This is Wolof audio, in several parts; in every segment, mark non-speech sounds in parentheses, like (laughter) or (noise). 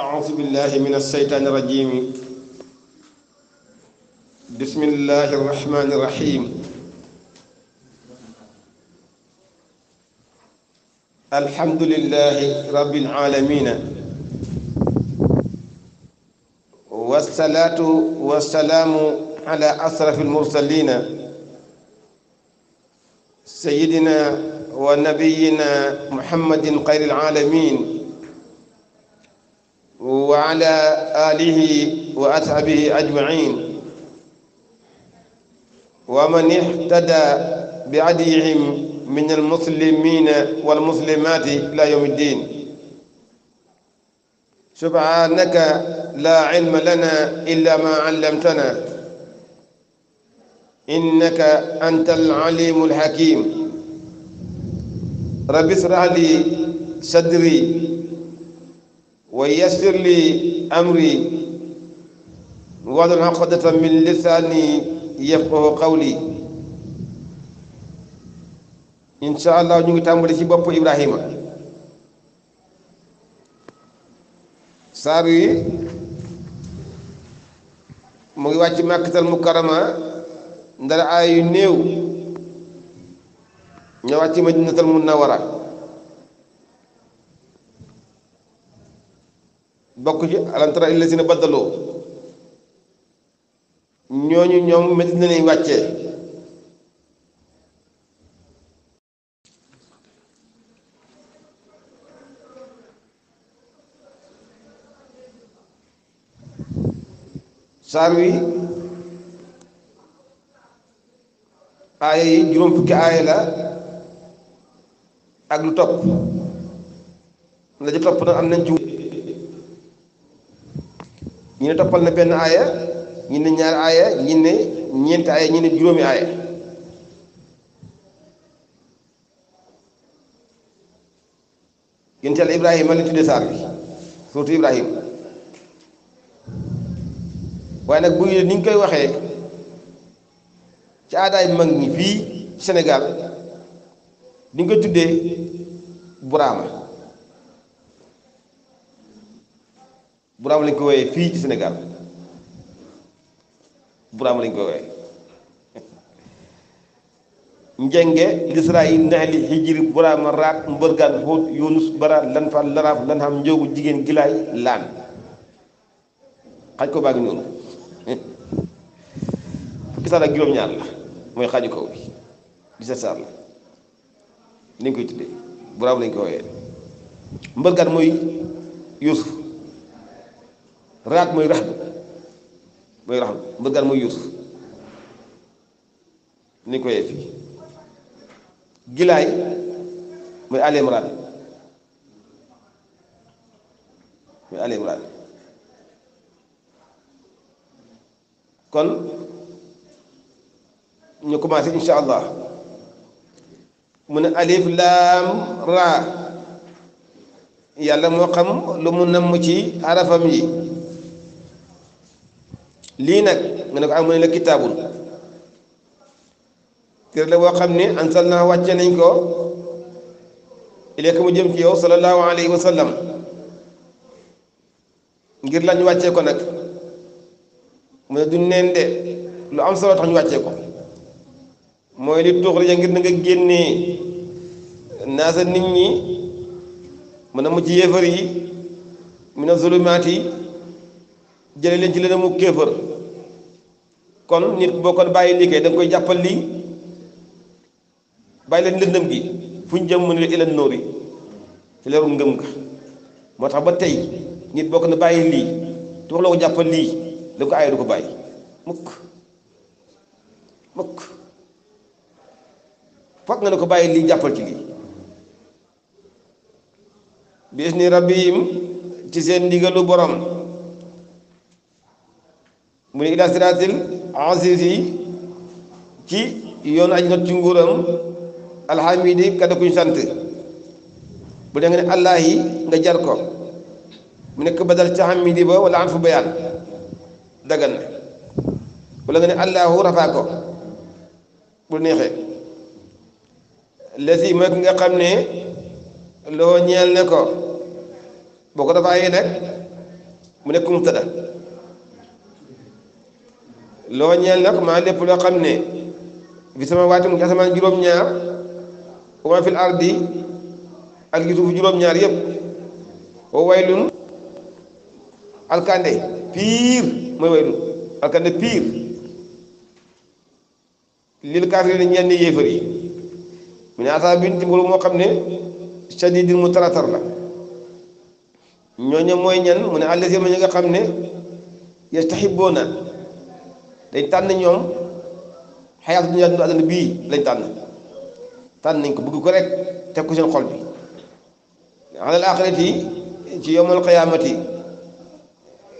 أعوذ بالله من الشيطان الرجيم بسم الله الرحمن الرحيم الحمد لله رب العالمين والصلاة والسلام على أشرف المرسلين سيدنا ونبينا محمد خير العالمين وعلى آله وأصحابه أجمعين ومن اهتدى بعديهم من المسلمين والمسلمات إلى يوم الدين سبحانك لا علم لنا إلا ما علمتنا إنك أنت العليم الحكيم رب اشرح لي صدري wa yassir li amri wahlul uqdatan min lisaani yafqahu qawli insha allah ñu ngi tàmbali ci bopp Ibrahima saar yi ngi wàcc Makkatal Mukarrama ndara aay yu néew ña wàcc Madinatal Munawwara bokk ji alam tara illazina baddaloo ñooñu ñoom métti na lañ saar wi aaya yi juróom fukki aaya la ak lu topp la ci topp nag am nañ ci ñu ne toppal na benn aaya ñu ne ñaari aaya ñu ne ñeenti aaya ñu ne juróomi aaya yéen teel Ibrahima la tuddee saar bi surtout Ibrahima waaye nag bu ñu ni ñu koy waxee ci aadaay mag ñi fii Sénégal di nga koy tuddee buraam lañ ko wooyee fii ci Sénégal buraam lañ ko wooyee njenge lisrail naxli xijiri buraama raak mbërgaan xóot yunus jigéen gilaay laan xaj ko baa ngi mooy xaju kaw bi dix koy tuddee buraam lañ ko mooy yuusuf raad mooy raxbu mooy raxbu mbëggaan muy yuusuf ni ko yee fii mooy Ali Imran mooy Ali Imran kon ñu commencé insha allah mu ne laam raa yàlla moo xam lu mu namm ci arafam yi li nak nga ko amone mu ne la kitaabun téere la bo xamne ansalna wacce naa nañ ko ilayka mu jëm ci yow sallallahu alayhi wa sallam ngir lañ wacce ko nak mu du nende lu am solo tax ñu wacce ko moy li tuxrija ngir nga genné naa sa nit ñi mën mu ci yéefar yi mina zulumati yi leen ci leen mu kéefar kon nit boo ko bàyyi liggéey da nga koy jàppal lii bàyyi leen lëndëm gi fu ñu jëm mu ne la ilan nóori ci leeru ngëm nga moo tax ba tey nit boo ko bàyyi lii te wax loo ko jàppal lii da ko aayee du ko bàyyi mukk mukk fokk nga ne ko bàyyi lii jàppal ci lii bis ni rabbihim ci seen ndigalu borom mu ne ila aziz yi ci yoon aj not ci nguuram alhamidi kaddu kuñ sant bu dee nga ne allahi nga jar ko mu nekk badal ci hamidi ba wala an fu bayaan dagan na wala nga ne allahu rafaa ko bu neexee lesi mooy ki nga xam ne loo ñeel ne ko boo ko rafaayee nag mu nekk mubtada loo ñeel nag maa lépp loo xam ne bi sama waati mu ngi asamaan juróom-ñaar wa fil ardi ak li juróom-ñaar yëpp wa waylun alkande piir mooy waylun alkande piir lil kaafiriin ñeel ne yéefar yi mu ne asaabin dimbalu moo xam ne shadiidin mu taratar la ñooñu mooy ñan mu ne allazina ñi nga xam ne yastahibbuna day tànn ñoom xayaatu dunya dundu bii lañ tànn tànn nañ ko bëgg ko rek teg ko seen xol bi alal axirati ci yowmal qiyaamati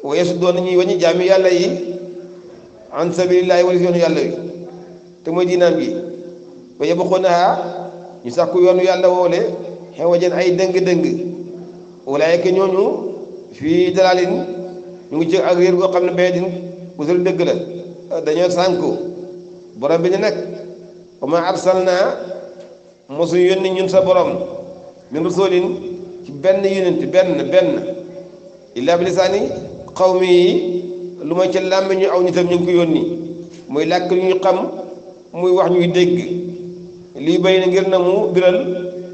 wa yasuddoon nañuy wañi jaami yàlla yi an sabilillahi wala si yoonu yàlla wi te mooy diinaam gi ba yabxuunahaa ñu sàkku yoonu yàlla woole xewajan ay dëng-dëng walaayika ñooñu fii dalaalin ñu ngi ci ak réer goo xam ne bay din usul dëgg dañoo sànku borom bi ñu nekk wa ma arsalna mosu yónni ñun sa borom min rasulin ci benn yonent benn benn illaa bi lisaani xawmi yi lu ma ca làmb ñu aw nitam ñu ngi ko yónni muy làkk ñu xam muy wax ñuy dégg lii bay na ngir na biral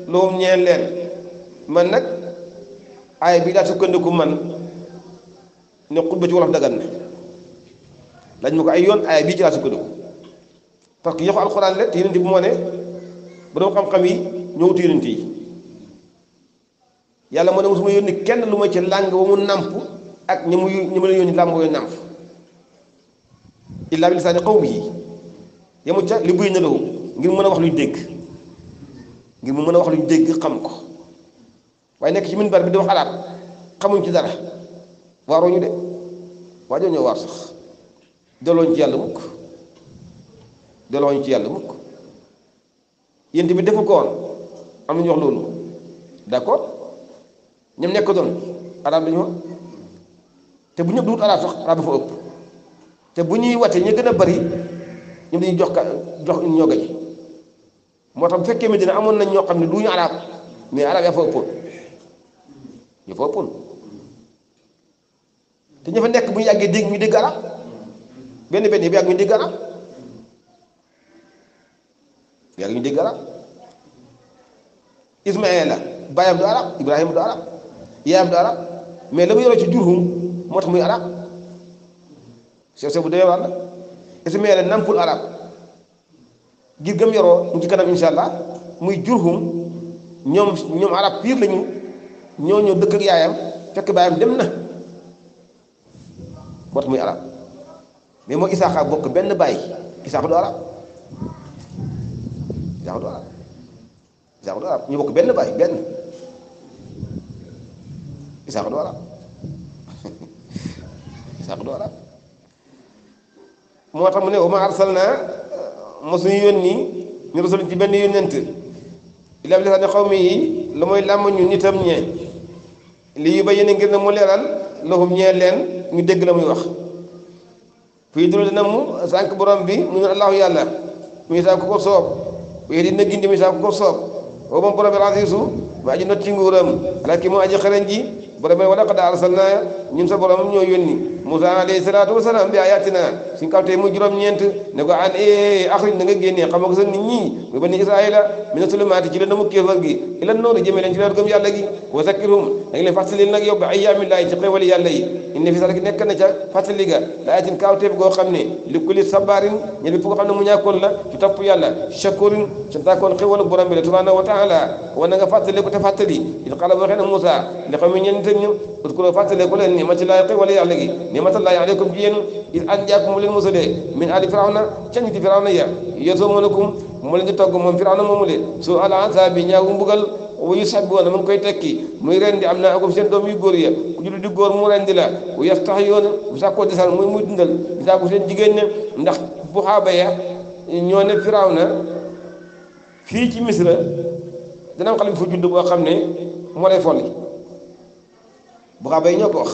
loom ñeen leen man nag aay bi daa sukkandiku man ne xutba ci wolof dagan lañ ma ko ay yoon ay bi ci laa sukkandiku parce que yaxu alquran le te yonent bi mo ne bu do xam-xam yi ñëwut yonent yi yàlla mo ne mosuma yónni kenn lu ma ci làng ba mu nàmp ak ñi mu ñi ma la làng yooyu nàmp illaa bi lisaani qawmihi yamu ca li buy na lahu ngir mëna wax luñ dégg ngir mu mëna wax luñ dégg xam ko waaye nek ci minbar bi di wax arab xamuñ ci dara waaruñu de waajoo ñu war sax delooñ ci yàlla mukk delooñ ci yàlla mukk yéen tamit defu ko woon am nañu wax loolu d'accord ñoom nekk doon arab lañu te bu ñëpp duut arab sax arab dafa ëpp te bu ñuy wate ñu gën a bari ñoom dañuy jox ka jox ñoo gañ moo tax bu fekkee mi dina amoon nañ ñoo xam ne ñu arab mais arab yaa fa ëppoon yaa fa ëppoon te ña fa nekk bu ñu yàggee dégg ñu dégg arab benn benn yëpp yaa ngi ñu diggal yaa ngi ñu diggal Ismaïla baayam du arab Ibrahima du arab yaayam du arab mais la mu yore ci jurhum moo tax muy arab sew sew bu demee war la Ismaïla nampul arab ngir gëm yoroo mu ci kanam insha muy jurhum ñoom ñoom arab piir lañu ñoo ñoo dëkk yaayam fekk baayam dem na moo tax muy arab mais moo Isaaxa bokk benn baay Isaaxa du arab Isaaxa ñu bokk benn baay benn Isaaxa du (laughs) moo tax mu ne wa ma arsalna mosuñu yónni ñu rasul ci benn yónnent illaa bi lisaani xawmi yi la mooy làmm ñu nitam ñe li ba yéene ngir ne mu leeral lahum ñee leen ñu dégg la muy wax fii dul dina mu sànq bi mu ne allahu yàlla muy saa ku ko soob wéy dina gindi muy saa ku ko soob boobu moom borom bi al-aziizu aji not ci nguuram alaakim mu aji xarañ ji borom bi wala qad ñun sa borom ñoo yónni Moussa alayhi salaatu wasalaam bi ayatina suñ kawtee mu juróom-ñeent ne ko an eh, eh, eh axrij da nga génnee xama ko sa mu kéefar gi ila noonu na ca fàttali ga la ayatin kawteef goo ne li sabarin ñebi fu ko ne mu ñàkkoon la ci topp yàlla shakurin santaakoon xéewalu borom bi la subhanahu wa taala wa na nga fàttali ko te fàttali il xala waxee na Moussa li xam ne ñeen itam ñu parce que fàttali ni'matillahi xéewal yàlla gi ni'matillahi aleykum ci yéen il anjaakum mu leen mosalee min ali firawna ca nit firawna ya yasumunakum mu leen di togg moom firawna moomu leen su al azabi ñaawu mbugal wa yusabbihuuna mu ngi koy tekki muy rendi am naa akum seen doom yu góor ya ku julli di góor mu rendi la bu yastahyoona bu sàkkoo desal muy muy dundal di sàkku seen jigéen ne ndax bu xaaba ya ñoo ne fii ci misra dana am xale bu fa boo xam ne moo Buraaba yi ñoo ko wax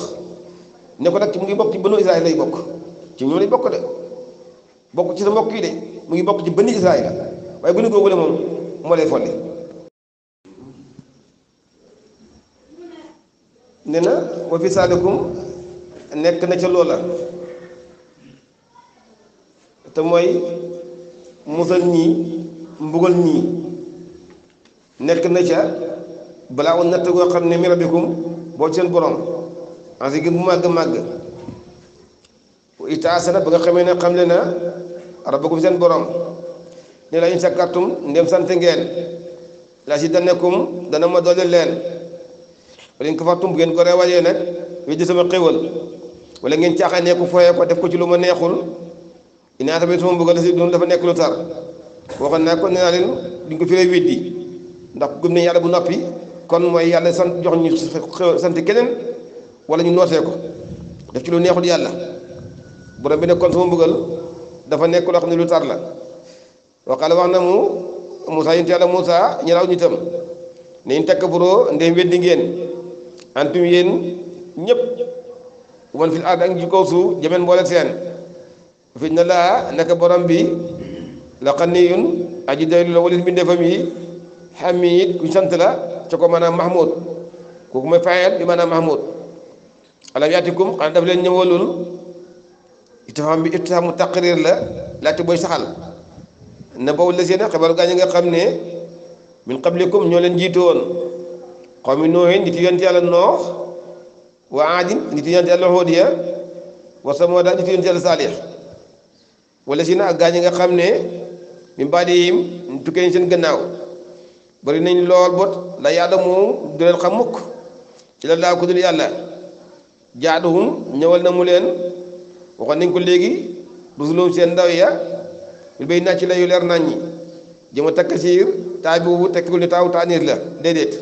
ne ko nag mu ngi bokk ci bënu Israël lay bokk ci ñoom lay bokk de bokk ci sa mbokk yi de mu ngi bokk ci bënu Israël la waaye bënu googu la moom moo lay folli ne na wa fi saalikum nekk na ca loola te mooy musal nii mbugal ñii nekk na ca balaa woon natt goo xam ne mi boo ci seen borom ansi gën bu màgg màgg na ba nga xamee ne xam le na rabbakum seen borom ne la in sakartum sant ngeen la si danekum dana ma doole leen wala in kafartum bu ngeen ko reewalee nag weddi sama xéwal wala ngeen caaxaanee ko fooyee ko def ko ci lu ma neexul inaa tamit sama bëgg la si doon dafa nekk lu tar waxoon naa ko nee naa leen duñ ko firee weddi ndax gëm nañ yàlla bu noppi kon mooy yàlla sant jox ñu sant keneen wala ñu nootee ko def ci lu neexul yàlla borom bi ne kon sama mbugal dafa nekk loo xam ne lu tar la waxaale wax na mu Moussa yonent yàlla Moussa ñu raw ñu itam ne ñu takkaburoo ndéem weddi ngeen na laa naka borom bi la xaniyun aji doylu la walit mbindeefam yi xamiid ku sant la te ko maanaam mahmud kooku mooy fayal bi maanaam mahmud alam yaatikum xanaa daf leen ñëwalul itifam bi itifaamu taqrir la laajte booy saxal na boobu la seen xibaaru gaa nga xam ne min qablikum ñoo leen jiitu woon xawmi noohin nit yonent yàlla noox wa aadin nit yonent yàlla huudiya wa samuuda nit yonent yàlla saalix wala si na ak gaa ñi nga xam ne min baadihim ñu tukkee seen gannaaw bari nañ lool bot la yàlla moom du leen xam mukk ci la daa ko dul yàlla jaaduhum ñëwal na mu leen waxoon nañ ko léegi rusulum seen ndaw ya lu bay naa ci la yu leer nañ ñi jëm a takk siir taay boobu tekkul ne taaw la déedéet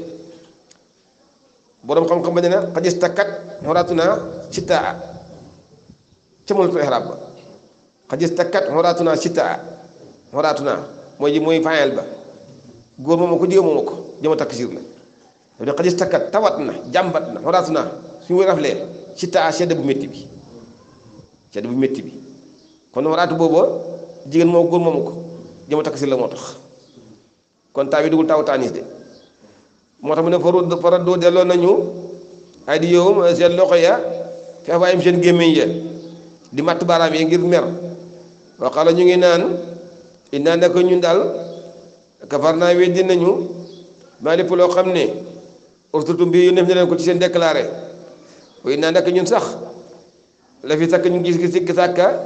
boroom xam-xam ba na xadis takkat xoraatu naa si taa ca mënatu takkat xoraatu naa si taa mooy ji mooy fayal ba góor moom ko jigéen moom ko jama takk siir la daf ne xadis takkat tawat na jàmbat na xoraas na suñu koy raflee si taa sedd bu metti bi sedd bu metti bi kon xoraatu booba jigéen moo góor moomu ko jama takk siir la moo tax kon taa bi dugul taawu taanis de moo tax mu ne faru faradoo delloo nañu ay di yowum seen loxo ya fi afaayim seen gémmiñ ya di matt baaraam yi ngir mer waxala ñu ngi naan inaa nekk ñun daal kafar naa weddi nañu maa lépp loo xam ne urtutum bi yu nef ne leen ko ci seen déclaré way naa nak ñun sax la fi takk ñu gis gis sikk sàkka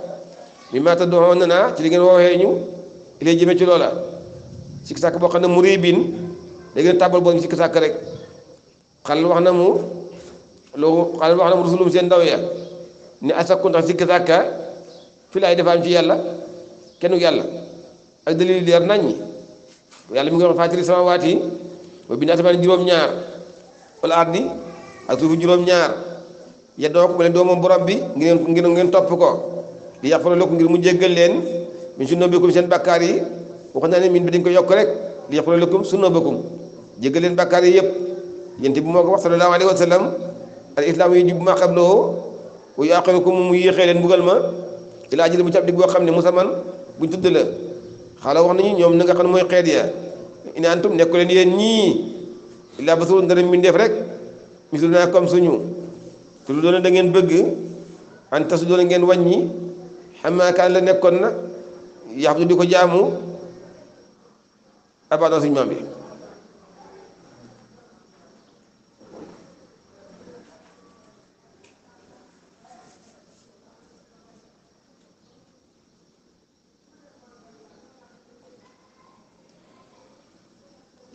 mi maata doxoon na naa ci li ngeen woowee ñu ilay jëme ci loola sikk sàkk boo xam ne mu réy biin da ngeen tàbbal boon sikk sàkk rek xal wax na mu loolu xal wax na mu rusulum seen ndaw ya ne asakku ndax sikk sàkka fi laay defaam ci yàlla kennu yàlla ak dalil leer nañ yàlla mi ngi wax faatiri samaawaat yi ba bind asamaan juróom-ñaar wala ardi ak suufu juróom-ñaar yeddoo ya ko ba leen doomu borom bi ngeen ngeen ngeen topp ko di yàqfara lëkku ngir mu jéggal leen min sunnoo bëkkum seen bakkaar yi wax naa ne min bi dañ ko yokk rek di yàqfara lëkkum sunnoo bëkkum jéggal leen bakkaar yi yëpp yent bi moo ko wax sallallahu alayhi wa sallam al islaam yi jub ma xabloo wa yuaxirukum mu yéexee leen ma ilaa ajali mu cab dig boo xam ne musaman buñ tudd la xaala wax nañu ñoom ni nga xam ne mooy xeet yaa in antum nekku leen yéen ñii illaa basarun dara mbindeef rek naa comme suñu te lu doon da ngeen bëgg an tasu doon ngeen wàññi xamaa kaan la nekkoon na yaxdu di ko jaamu abadan suñu maam bi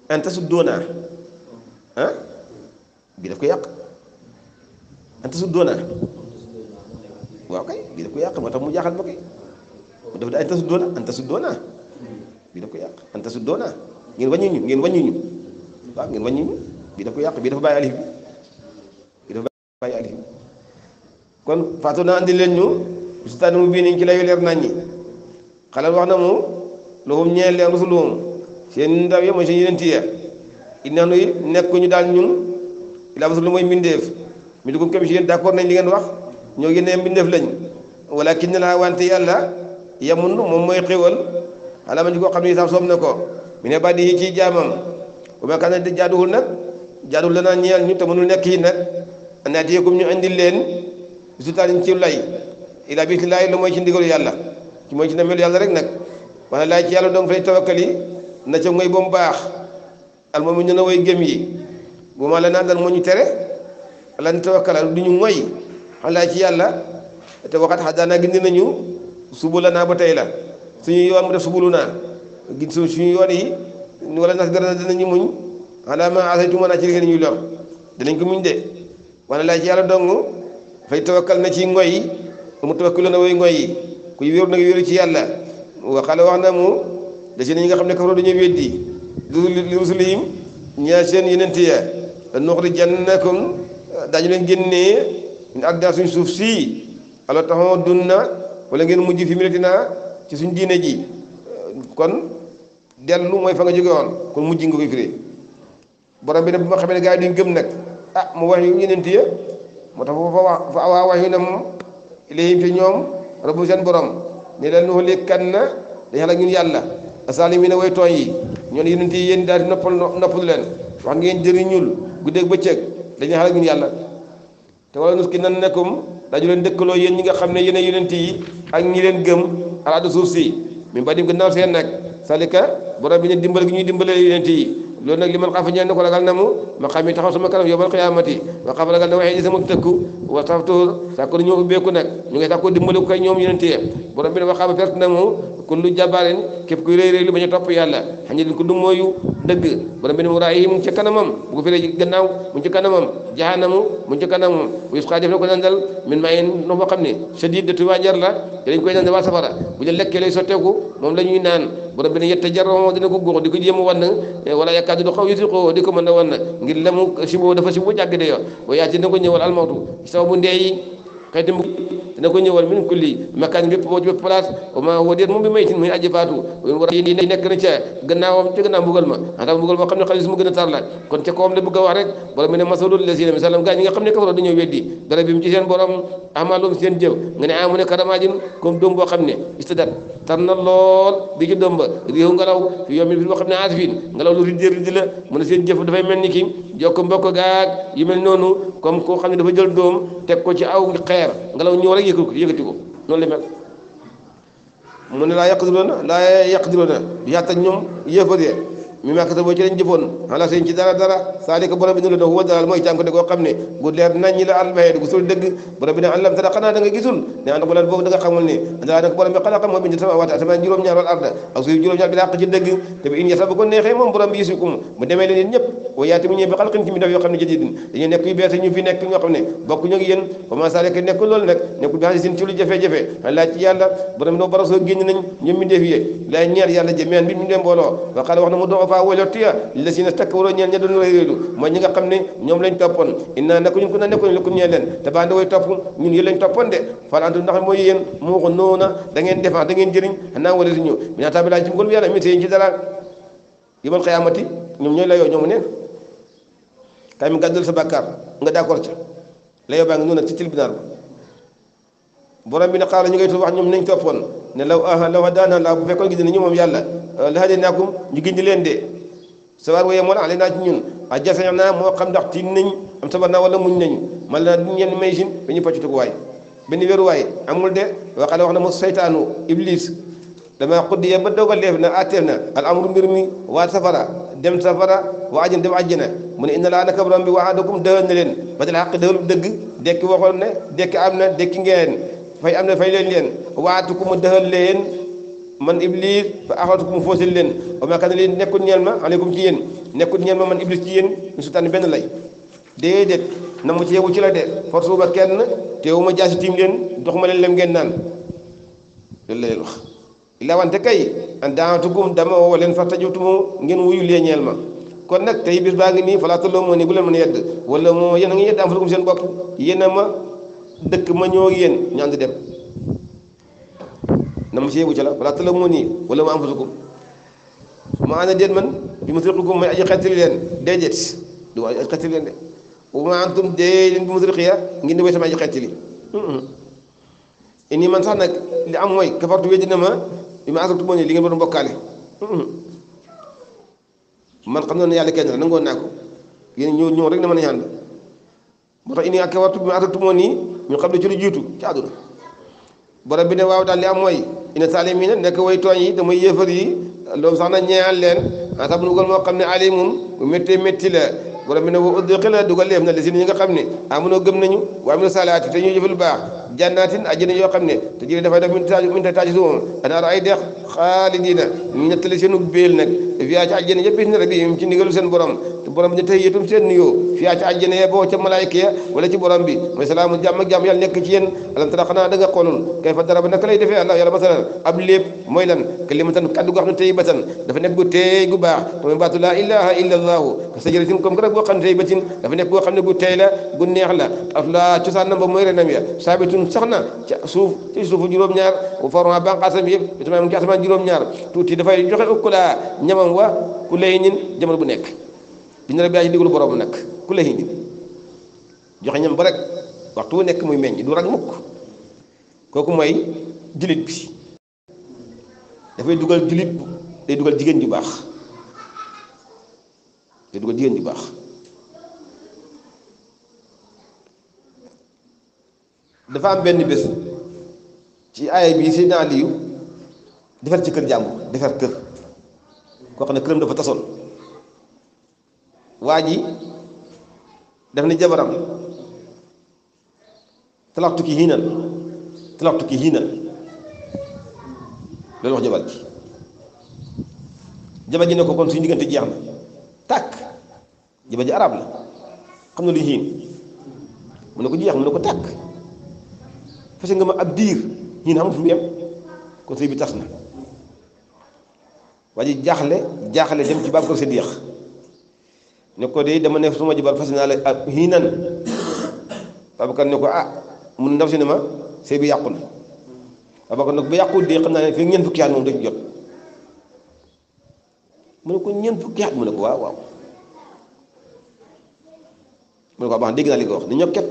an tasudduna ah bi daf ko yàq an tasudduna waaw kay bi daf ko yàq moo tax mu jaaxal ma kay mu def da an ñu ngeen wàññi ñu waaw ngeen wàññi ñu bi daf ko bi dafa bàyyi alif bi dafa bàyyi alif kon faatu na andi leen ñu sultaan mu bii niñ ci layu leer nañ ñi xalal wax na mu lahum ñeel leen rusuluhum seen ndaw ya mooy seen yeneen tiya nekk ñu daal ñun ilaa lu mooy mbindeef mi dugum kam si yéen nañ li ngeen wax ñoo ngi ne mbindeef lañ walakin ne laa wante yàlla yamun moom mooy xéwal xanaa ma ñu koo xam ne sax soob na ko ne bàddi yi ci jaamam bu ma kaan ne jaaduwul nag jaaduwul la naa ñeel ñu te mënul nekk yi nag naati yeekum ñu indil leen bisultaan ci lay ilaa bi ci laay lu mooy ci ndigalu yàlla ci mooy ci na yàlla rek nag wala laay ci yàlla donc fay tawakkal yi na ca ngoy ba mu baax almu'minuuna na way gëm yi bu ma la naan dal moo ñu tere wala ni tawakkalal du ñu ngoy xalaa ci yàlla te waxat xadaanaa gindi nañu subula naa ba tey la suñu yoon mu def subulu naa gin suñu yoon yi wala nas dara dinañu muñ xalaa ma asaytu naa ci li ngeen ñuy lor dinañ ko muñ de wala laa ci yàlla dong fay na ci ngoy mu tawakkilu na way ngoy yi kuy wéeru nag wéeru ci yàlla waxale wax na mu da ci ne ñi nga xam ne kafaroo dañuy weddi li rusulihim ñaa seen yenent ya nuxrijannakum dañu leen génnee ñu ak daa suuf sii ala taxoo dunna wala ngeen mujj fi milatina ci suñ diine ji kon dellu mooy fa nga jóge woon kon mujj nga koy firi borom bi ne bu ma xamee ne gaa yi duñ gëm nag ah mu wax yu ya moo fa fa rabbu borom ñun asaalimiina way tooñ yi ñoo ne yonent yi yéen daal di noppal noppalu leen wax ngeen jëriñul guddeeg bëccëg dañuy xalaat ñun yàlla te wala nus ki nan nekkum dañu leen dëkkaloo yéen ñi nga xam ne yéen yonent yi ak ñi leen gëm alaada suuf si min ba dim gannaaw seen nag salika borom bi ne dimbal gi ñuy dimbalee yonent yi loolu nag li na ma xam yi xaaf na waxee ni sama tëkku wa taftoor sàkko ni ñoo ubbeeku nag ñu ngay tax ko dimbale ko kay ñoom yonent yi borom bi ne waxaama perte na mu kun lu jàbbaarin képp a topp yàlla xam ne ku du mooyu dëgg borom bi ne mu raay yi bu ko firee gannaaw mu ngi ca kanamam jahannamu mu ngi ca ne shadiid de tuwaa la te dañ koy nandal waa safara bu ñu lekkee lay sotteeku moom la naan borom bi ne yette jarroo dina ko góox di ko jéem a wann eh, wala yakaadu du xaw di ko mën a wann ngir lamu si boo dafa si bu jàgg de yo ba yaa ci wa ma huwa déet moom bi maytin muy aji faatu war yi nekk na ca gannaawam ca gannaaw mbugal ma ata mbugal xam ne xalis a a rek borom mi ne masalul lazina misalam gaa mu nga ne ne karamaajin comme doom boo xam ne istadat tar na lool di ci doom ba réew ngelaw fi yow fi boo xam ne asfin ngelaw lu fi dér di la seen jëf dafay mel ni ki jokk mbokk gaag yi noonu comme koo xam ne dafa jël doom teg ko ci aw nga ngelaw ñoo rek yëkku ko yëkkati ko noonu la mel mu ne laa yàq di loona laa yàq di loona yaata ñoom yëfa yee mi ma kasaboo ci lañ jëfoon ala seen dara dara saalika borom bi nu la na huwa ne gu leer nañ ñi la du gisul dëgg borom bi ne an lam tara xanaa ne an xulal boobu da nga xamul ne daa bi xalaqa moo bind sama waat asamaan juróom-ñaar wal arda mi def yoo xam ne jadidin dañuy nekk yu bees ñu fi nekk ñoo xam ne bokk mi def yee laay mu doo faa wolotiya la si na stakbaroo ñeel ña doon réyréylu mooy ñi nga xam ne ñoom lañ toppoon inna nako ñun ku na nekkoñ lu ko ñeel leen te baa nda way topp ñun toppoon de fala andu ndax mooy yéen moo ko noona da ngeen défense da ngeen jëriñ xanaa wala si ñëw minaa tabi laa ci mbugal bi yàlla mi ci dara yawmal qiyaamati ñoom ñooy layoo ñoomu neen kay mi gàddul sa bàkkaar nga d'accord ca layoo baa ngi noona ci tribunal ba borom bi ne xaaral ñu ngay tul wax ñoom nañ toppoon ne law aha law hadaana laa bu fekkoon gis ne ñu moom yàlla la hadaynakum ñu gindi leen de sawaar waye moon alay naa ci ñun a jafe naa moo xam ndax tin nañ am sabar naa wala muñ nañ man la duñ yenn maysin ba ñu pàccu tuguwaay benn wéruwaay amul de waxale wax na mu seytaanu iblis dama xuddi ba dogal leef na atteef na al amru mbir mi waa safara dem safara wa ajjana dem ajjana mu ne inna laa naka borom bi waadakum dëwal na leen ba dal xaq dëwal dëgg dekki waxoon ne dekki am na dekki ngeen fay am na fay leen leen waatukum dëwal leen man iblis fa axatukum foosil leen wa ma kana leen nekkul ñeel ma aleykum ci yéen nekkul ñeel ma man iblis ci yéen ñu sultaan benn lay déedéet na mu ci yewu ci la de force bu ba kenn teewu ma jaasi tiim leen dox ma leen lem ngeen naan loolu la leen wax illa wante kay an daanatukum dama woo leen fa tajatumu ngeen wuyu lee ñeel ma kon nag tey bis baa ngi nii falaa tolloo moo bu leen mën yedd wala moo yéen a yedd am fa seen bopp yéen a ma ñoo yéen ñu ànd namu bu ca la wala tala moo nii wala ma anfusukum ma ana déet man bi musriqikum may aji xettali leen déedéet du aji xettali leen de wa ma antum déedéet ini man sax nag li am mooy kafartu weddi na ma bi ma asabtu moo nii li ngeen doon bokkaale man xam na ne yàlla kenn la nangoon naa ko yéen ñëw ñëw rek na ma ne ñaan moo tax ini ak kafartu bi ma asabtu moo nii ñu xam ne ci lu jiitu ci àdduna bi ne waaw daal li am mooy ina saalimiina nekk way tooñ yi damay yëfar yi loolu sax na ñeexal leen asabun bugal moo xam ne alimun bu métti métti la borom bi ne wa udxila dugal leef na li si ñi nga xam ne amunoo gëm nañu wa aminu salaati te ñuy jëf lu baax jannaatin àjjana yoo xam ne te jëri dafa def min taaj min ta taaj suum anaar ay dex xaalidiina ñu nettali seenu béel nag fiyaa ci àjjana yëpp ci galu seen borom borom bi ne tey yëtum seen nuyoo fiyaa ca àjjana ya boo ca malaayka ya wala ci borom bi mooy salaamu jàmm ak nekk ci yéen alam tara xanaa da nga xoolul kay fa dara ba naka lay defee allah yàlla masalan ab lépp mooy lan kalimatan kaddu goo xam ne tey batan dafa nekk bu teey gu baax ma baatu laa ilaha illa allahu ka sajaratin comme que rek boo xam ne tey batin dafa nekk boo xam ne bu teey la bu neex la ba mooy renam ya saabitun sax na ca suuf ci suufu juróom-ñaar wa ku lay ñin jamono bu nekk bi ñu la bàyyi ndigalu borom nag ku lay indi joxe ñam ba rek waxtu wu nekk muy meññ du rag mukk kooku mooy jullit bi dafay dugal jullit day dugal jigéen ju baax dugal jigéen ju baax dafa am benn bés ci aaya bi Seydina Aliyu defar ci kër jàmbur defar kër koo xam ne këram dafa tasoon waa ji daf na jabaram talaxtu ki hiinal talaxtu ki hiinal loolu wax jabar ji jabar ji ne ko kon suñu diggante jeex na takk jabar ji arab la xam na lu hiin mu ne ko jeex mu ne ko takk fase nga ma ab diir hiin xamul mu yem kon sëy bi tas na waa ji jaaxle jaaxle dem ci bab ko séddiix ne ko de dama nekk suma jabar fas naa la ak hiinan Abubakar ne ko ah mun ndaw si ne ma sëy bi yàqu na Abubakar ne ba yàqul de naa ne fii ñeent fukki at moom dañ jot mu ne ko ñeent fukki at ko waaw waaw ko ah, dégg naa li wax ni ñokket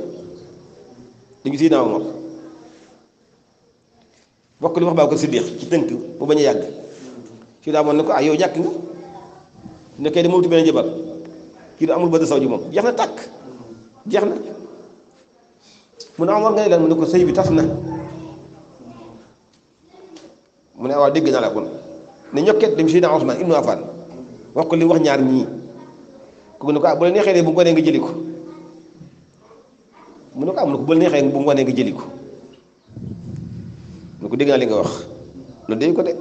li ngi siy naaw moom bokk li wax baa ko siddiq ci tënk mu bañ a yàgg si daa moon ko ah yow ñàkk nga ne kay de moom benn jabar kii du amul ba saw ji moom jeex na tàkk jeex na mu ne Omar ngay lan mu ne ko sëy bi tas na mu ne waaw dégg naa la kon ne ñokket dem Seydina Ousmane ibnu Affan wax ko li wax ñaar ñii ku ne ko ah bu la de bu ngoonee nga jëli ko mu ne ko ah, la neexee bu ngoonee nga jëli ko mu li nga wax loolu dégg ko de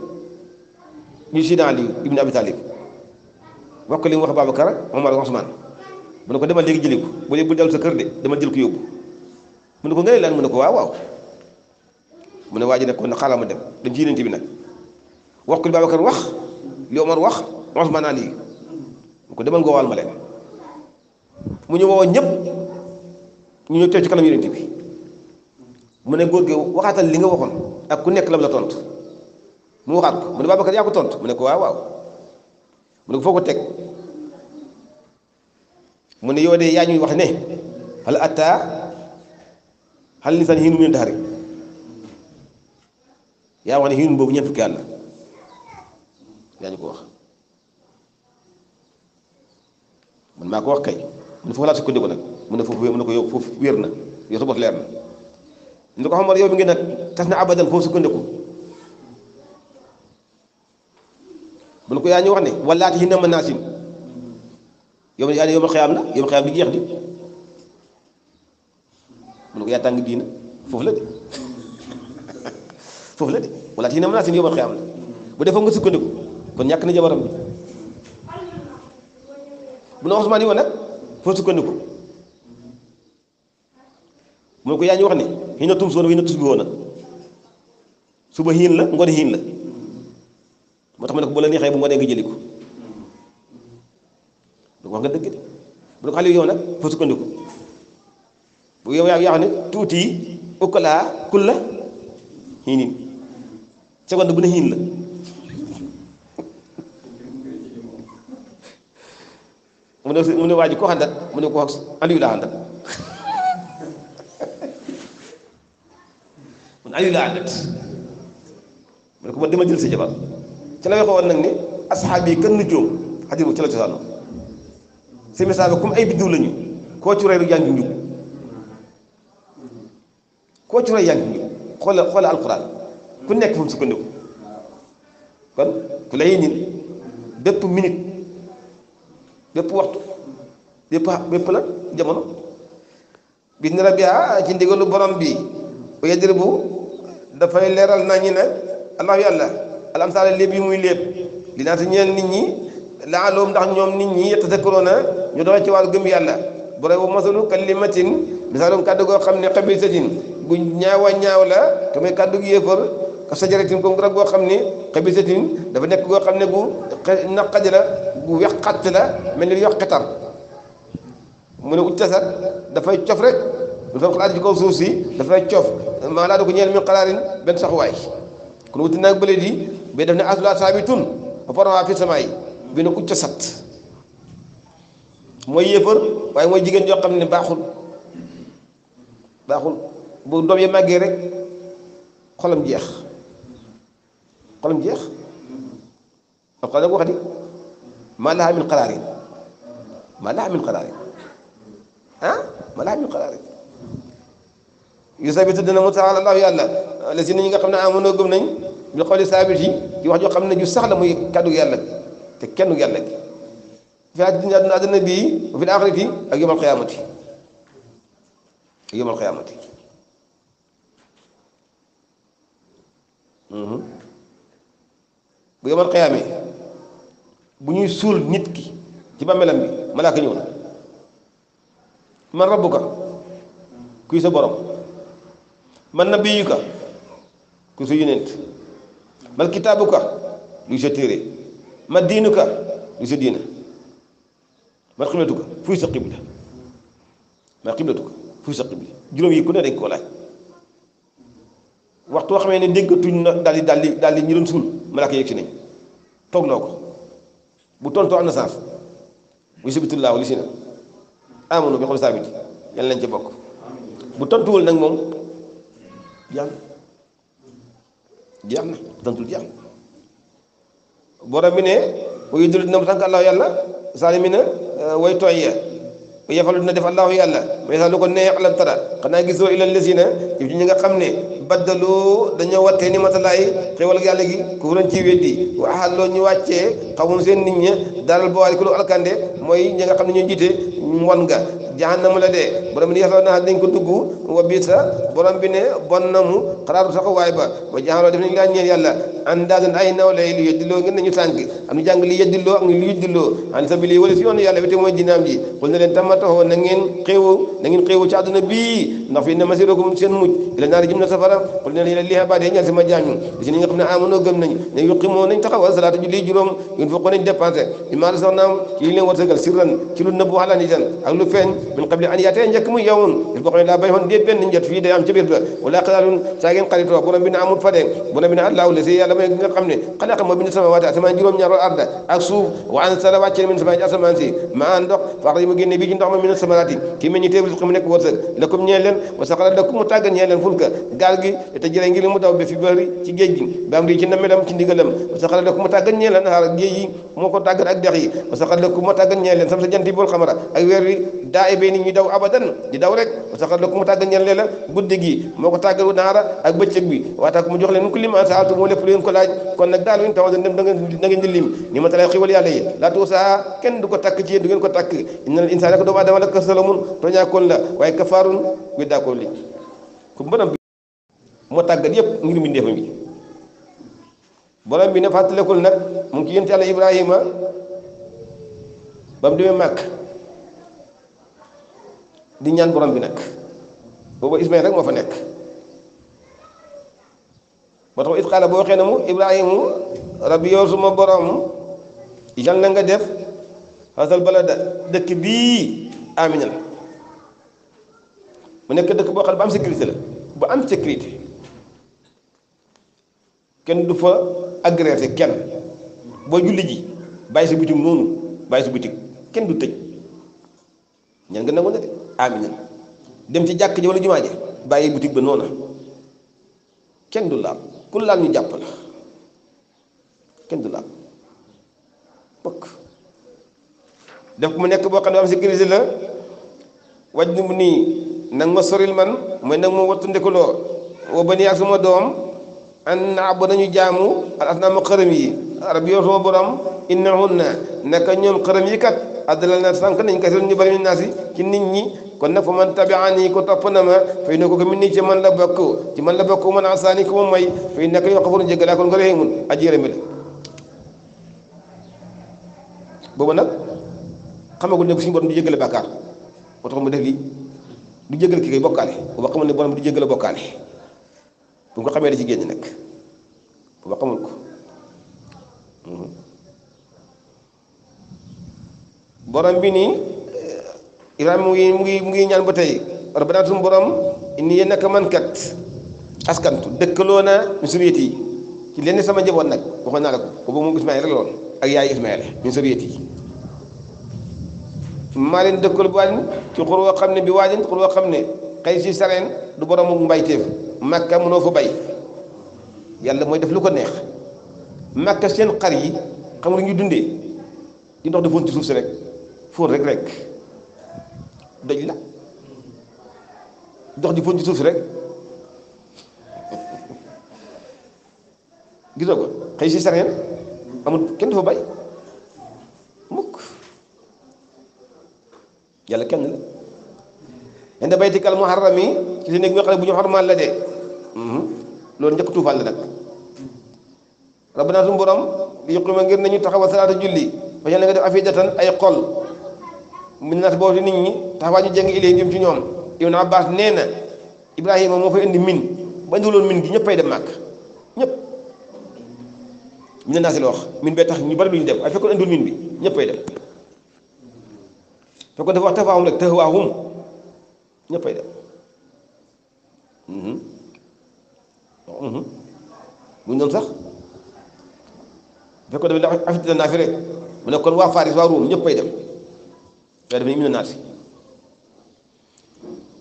ñu wax ko li mu wax Babacar Omar ak Ousmane mu ne ko demal léegi jëli ko bu bu dellu sa kër de demal jël ko yóbbu ko ngay lan ne ko waaw ne waa ji ne kon xaaral ma dem dem ci yeneen bi nag wax ko li Babacar wax li Omar naa lii mu ko demal nga waal ma mu ñu woo ñëpp ñu ñëw ci bi mu ne góor gi waxaatal li nga waxoon ak ku nekk lam la tont mu waxaat ko mu ne yaa ko tontu mu ne ko waaw waaw. mu ne ko foo ko teg mu ne yow de yaa ñuy wax ne xala atta xal nisaan xiinu mu ne daxari yaa wax ne xiinu boobu ñeent fukki at la ko wax man maa ko wax kay mu ne foofu laa sukkandiku nag mu ne foofu mu ko yow foofu wér na yow sa bopp leer na mu ne ko xamal yow mi ngi nag tas na abadan foofu sukkandiku bul ko yaa ñu wax ne walaati hinna manaasin yow yaa ne yow la yow ma di jeex di bul ko yaa tàng diina foofu la de (laughs) foofu la de walaati hinna manaasin yow ma xiyaam la bu defoon nga sukkandiku kon ñàkk na jabaram bi bu na Usmaan yi woon nag foo sukkandiku bul ko yaa ñu wax ne hinna tum soon hinna tus bi suba hiin la ngoon hiin la moo tax ma ne ko bu la neexee bu ngoonee nga jëli ko donc wax nga dëgg de bu ko xale yow nag fa sukkandiku bu yow yaa yaa ne tuuti ukkalaa kulla hiinin seconde bu ne hiin la mu ne mu ne ko mu ne ko aliyu (laughs) mu aliyu mu ne ko dama jël sa jabar ci la waxee woon nag ni asxaab yi kenn nujjoom xadis boobu ci la cosaanoo si misaal bi comme ay biddiw lañu koo ci roy rek yaa ngi njub koo ci roy yaa ngi njub xoola xoola alquran ku nekk fu mu sukkandiku kon ku lay nin bépp minute bépp waxtu bépp bépp la jamono bi ni rabia ci ndigalu borom bi bu yeddir bu dafay leeral nañu ne allah yalla laa alamsaala léeb yi muy léeb li si ñeen nit ñi laaloom ndax ñoom nit ñi yatazakkaruuna ñu doxee ci wàllu gëm yàlla bu rew masalu kalimatin misaalum kàddu goo xam ne xabiisatin gu ñaawa ñaaw la te muy kàddu gi yéefar ka sajaratin comme garab goo xam ne xabiisatin dafa nekk goo xam ne gu naqadi la gu weqat la mel ni yoqitar mu ne ut tasat dafay cof rek lu fa xalaat ci kaw si dafay cof ma laa du ko ñeel min xalaarin ɓe ɗefne asla sabitun o forma fi samayi bino ucca sat mooy yéefar waaye mooy jigéen joo xam ne baaxul baaxul bu doom yi màggee rek xolam jeex xolam jeex alquran nag wax di maa laha min qaraarin maa laha min qaraarin ah maa laha min qaraarin yusabitu dina mu taala allahu yàlla la si ni ñi nga xam ne amoon na gëm nañ ñu xoolee sabir yi ci wax jo xamne ju sax la muy kaddu yàlla te kenn yàlla gi fi àdduna àdduna bii fi akhirati ak yomal xiyaamati ak qiyamati hmm bu yomal xiyaamee bu ñuy sul nit ki ci bàmmeelam bi malaka ñu man rabbuka kuy sa borom man nabiyuka kuy sa yonent mal kitaabuka luy sa téere ma diinuka luy sa diina ma xiblatuka fuy sa xibla ma xiblatuka fuy sa xibla juróom yi ku ne dañ koo laaj waxtu boo xamee ne déggatuñ na daal di daal di daal di ñu doon suul malaaka yegg si nañ toog loo ko bu tontoo am na saaf bu sibitullaa wala si na amoon bi xool saabit yàlla bokk bu tontuwul nag moom jeex am tontul jeex na borom bi ne wa yudul dina mu sànq allahu yàlla saalimina eh, way tooy ya wa yafalu dina def allahu yàlla masa lu ko neex lan tara xanaa gisoo ilal lesina jëf ñi nga xam ne baddaloo dañoo wattee ni matalaay xéwal yàlla gi ku furan ci weddi wa ahalloo ñu wàccee xamum seen nit ña daalal boo waali ku lu alkande mooy ñi nga xam ne ñoo jiite wan jahannama la dee borom bi ne yaslaw naa dañ ko dugg wa biit sa borom bi ne bon na mu xaraatu sax waay ba ba jaxaloo def nañu laa ñeel yàlla andaadan ay nawle lu yeddiloo ngeen nañu tànk am ñu jàng li yeddiloo ak lu yeddiloo an sabili wala si yoonu yàlla bi te mooy dinaam ji xul na leen tamatoo na ngeen xéewu na ngeen xéewu ci àdduna bii ndax fi ne masirokum seen mucc ila naari jëm na safara xul na leen liha baade ñal sama jaam ñi si ñi nga xam ne amonoo gëm nañ ne yuqimoo nañ taxawal salaata ju lii juróom yun fokk nañ dépensé imaara sax naam ci li leen war sëgal sirran ci lu nëbb waxalaan itan ak lu feeñ min qabli an yaatee njëkk muy yawmun bis boo xam ne laa bay'un déet benn njot fii day am ci biir la wala xilaalun saa ngeen xaritoo borom bi ne amul fa de borom bi ne allahu lasi yàlla mooy nga xam moo bind samawaati asamaan juróom-ñaar wal arda ak suuf wa anzala wàccee min samaa ci asamaan si maa ndox faxra yi mu ko mu nekk wërsëg lakum ñeel leen wa moo ko tàggat ak sam sa jant yi bool xamara ak bay nit ñuy daw abadan di daw rek saxal la ko mu tàggal ñeen leen la guddi gi moo ko tàggalu naara ak bëccëg bi waata ko mu jox leen nu ko lim saaltu moo lépp lu ko laaj kon nag daal lu ñu tawa dem da ngeen di lim ni ma talay kenn du ko takk ci yéen du ko takk inna al insaana ko doomu aadama la kasalamun toñaakoon la waaye kafaarun wi daakoo li ku borom bi moo tàggat yëpp ngir mbindeefam bi borom bi ne fàttalekul nag mu ki ci yéen yàlla ibrahima ba mu demee màkk di ñaan borom bi ismail booba Ismaël rek moo fa nekk tax it mu Ibrahimu rabbi yow suma borom yal na nga def xasal balada dëkk bii amina la mu nekk dëkk boo xam bu am sécurité la bu am sécurité kenn du fa agressé kenn boo julli ji bàyyi sa bitig noonu bàyyi sa bitig kenn du nga nangu na de aminan dem ci jàkk ji wala jumaa ji bàyyi boutique ba noona kenn du laal ku laal ñu jàpp la kenn du laal bokk def ko mu nekk boo xam ne am sécurité la waj nu nii nag ma soril man mooy nag ma wattu ndekuloo woo ba nii ak sama doom an na ba nañu jaamu al asnaama xërëm yi arab yoo sama borom innahunna naka ñoom xërëm yi kat addalal na sànq nañ kay seen ñu bari ñu naasi ci nit ñi kon nag fa man tabi'ani ko topp na ma fay na ko gëm nii ci man la bokk ci man la bokk man asaani ko moom may fay nekk yoo xafoon jéggalaa kon nga rahimun aji yërëme la boobu nag xamagul ne ko suñu borom mu def lii du jéggale ki koy bokkaale booba xamul ne borom du jéggale bokkaale bu nga xamee da ci génn nag booba xamul ko mhm. borom bi nii Ibrahima mu ngi mu ngi mu ñaan ba tey rabbana suñu borom inni yéen naka man kat askantu dëkkaloo na min suriyet yi ci lenn sama njaboot nag waxoon naa la ko ko boobu moom ak yaay Ismaïl min suriyet yi maa leen dëkkal xam ne bi waadin xur woo xam ne xëy du borom mbayteef Makka mënoo bay yàlla mooy def lu ko neex Makka seen xar yi xam nga ñu dundee di ndox defoon ci suuf si rek fóot rek rek dëj la dox di fon ci suuf rek gisoo ko xëy si sareen amul kenn dafa bay mukk yàlla kenn la inda baytikal muharrami ci li nekk bi nga xam ne bu ñu xormaal la de loolu mhm. njëkk tuufal la nag rabbana suñu borom li yuqima ngir nañu julli fa nga def afidatan ay xol mu ne boo nit ñi tax waa ñu jàng ilay jëm ci ñoom naa baax nee na Ibrahima moo fa indi min ba indiwuloon min gi ñëppay dem màkk ñëpp naa si la wax min bee tax ñu bari lu ñu dem waaye fekkoon indiwul bi ñëppay dem fekkoon dafa wax taxawaawum rek taxawaawum ñëppay dem mhm. mhm. bu mu ne kon waa Faris waa Ruum ñëppay dem. waaye dafa ñu naas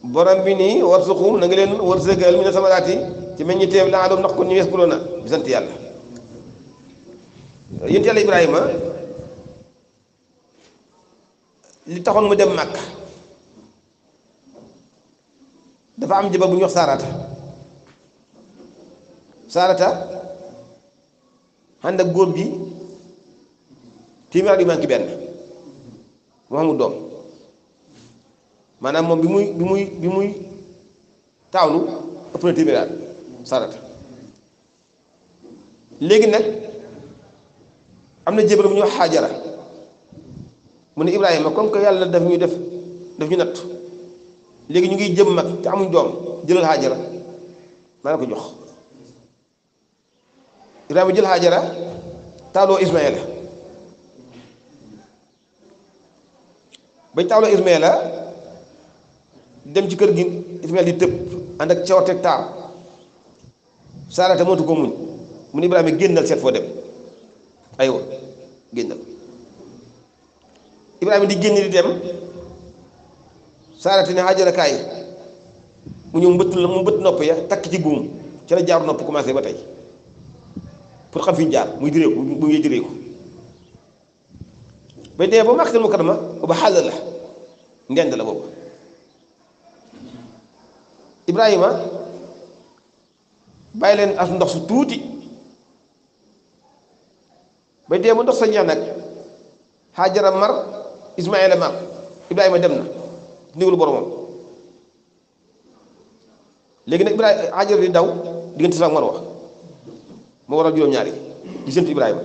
borom bi nii warzuqhum na nga leen wërsëgal mina samaraati ci meññiteef la'allahum yattaqun ñu yaskuruuna bi sant yàlla yonent yàlla Ibrahima li taxoon mu dem Màkka dafa am jabar bu ñuy wax Saarata Saarata góor bi téeméer ak yu manqué benn. mu amul doom maanaam moom bi muy bi muy bi muy taawlu ëpp na téeméer at léegi nag am na jébar bu ñu wax xaajara mu ne Ibrahima comme que yàlla daf ñuy def def ñu natt léegi ñu ngi jëm mag te amuñ doom jëlal xaajara maa la ko jox Ibrahima jël xaajara taaloo Ismaïla bañ tawlo ismaila ah, dem ci kër gi ismaila di tëb ànd ak cawarte taar saarata mootu ko muñ mu ni ibrahima génnal seet foo dem aywa génnal ibrahima di génn di dem saarata ne hajara kaay mu ñëw mbëtt mu mbëtt nopp ya tak ci buum ci la jaar nopp commencé ba tey pour xam fi ñu jaar muy direeku mu ngi direeku ba dee ba makkatal mukarrama ba xàll ndend la boobu Ibrahima ah? bàyyi leen as ndox su tuuti ba dee mu ndox sa ñeex nag Hajara mar Ismaila mar Ibrahima dem na ndigalu boromam léegi nag Ibrahima di daw diggante sa mar wax ñaari di Ibrahima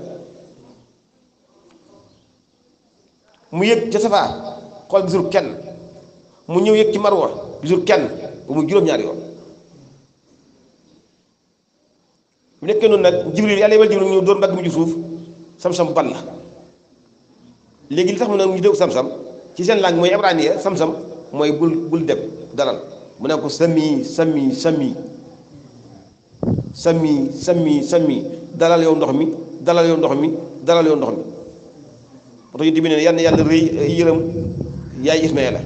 mu xool gisul kenn mu ñëw yëg ci marwa gisul kenn ba mu juróom-ñaari yoon bu nekkee noonu nag jibril yàlla yebal jibril ñu door mbagg mu suuf sam-sam ban la léegi li tax mu ne ñu dégg sam-sam ci seen langue mooy ibraniya sam-sam mooy bul bul dem dalal mu ne ko sami sami sami sami sami sami ndox mi dalal ndox mi dalal ndox mi moo tax ne yàlla yàlla rëy yërëm yaay Ismaila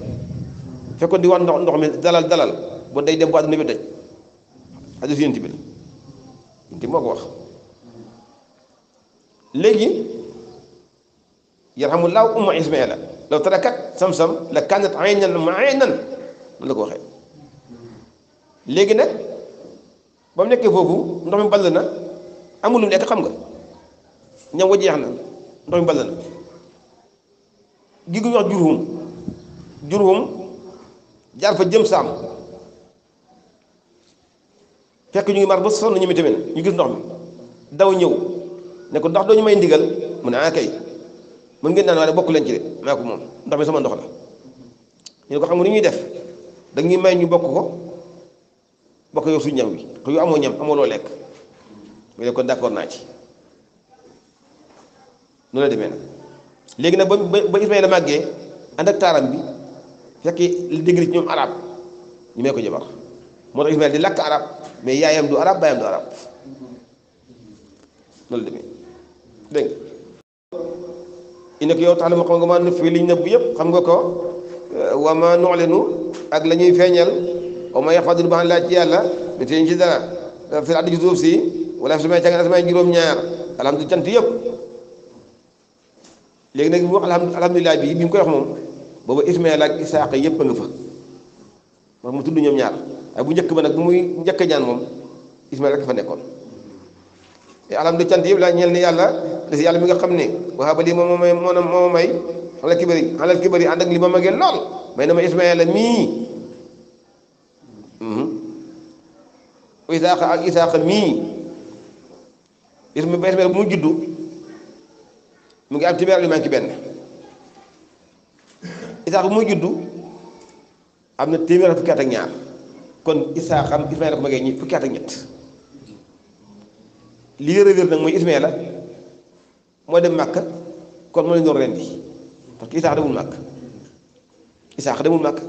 fekkon di war ndox ndox mi dalal dalal ba day dem ba àdduna bi daj hadiis yent bi yent yonent bi moo ko wax léegi yarhamullaahu umma Ismaila law tarakat sam-sam la kanat aynan ma'inan man lako waxe legi nak bam nekke fofu ndox mi balna amul lu nek xam nga ñam wa na ndox mi balna gi gu wax jurhum juróom jaar fa jëm saam fekk ñu ngi mar ba sonn ñu mi tamit ñu gis ndox mi daw ñëw ne ko ndax doo ñu may ndigal mu ne ah kay mën ngeen ne waaye bokk leen ci de maa ko moom ndox mi sama ndox la ñu ne ko xam nga ni ñuy def da ngi may ñu bokk ko bokk yow suñu ñam wi ko amoo ñam amoo loo lekk mu ne kon d'accord naa ci noonu la demee nag léegi nag ba ba Ismaïla màggee ànd ak taaram bi fekk li dégg ci ñoom arab ñu may ko jabar moo tax di lakk arab mais yaayam du arab baayam du arab loolu demee dégg nga ina ko yow taxalamu la nga ma fii yëpp xam nga ko euh, wa ma nu'linu ak la ñuy feeñal wa ma yaxfadu ba xam laaj ci yàlla mi teeñ ci dara euh, fi addi si wala su may jàng asamaan juróom-ñaar alhamdu cant yëpp nag bu wax alhamdulilah bi bi mu koy wax moom boobu Ismaël ak Isaaqa yépp a nga fa moo mu tudd ñoom ñaar waaye bu njëkk ba nag bu muy njëkk a ñaan moom Ismaël rek fa nekkoon te alam du cant yëpp laa ñeel ne yàlla des yàlla mi nga xam ne waxaaba lii moom may moo ma may alal kibari alal kibari ànd ak ma magee lool may na ma Ismaël mii mhm. Isaaqa ak Isaaqa mii Ismaël ba Ismaël bu mu juddu mu ngi am téeméer lu manqué benn Isa muy juddu am na téeméer fukki at ak ñaar kon isa am Ismaïla ko magee ñi fukki at ak ñett li wér a wér nag mooy Ismaïla dem Màkka kon moo leen doon rendi parce que Isaaxa demul Màkka Isaaxa demul Màkka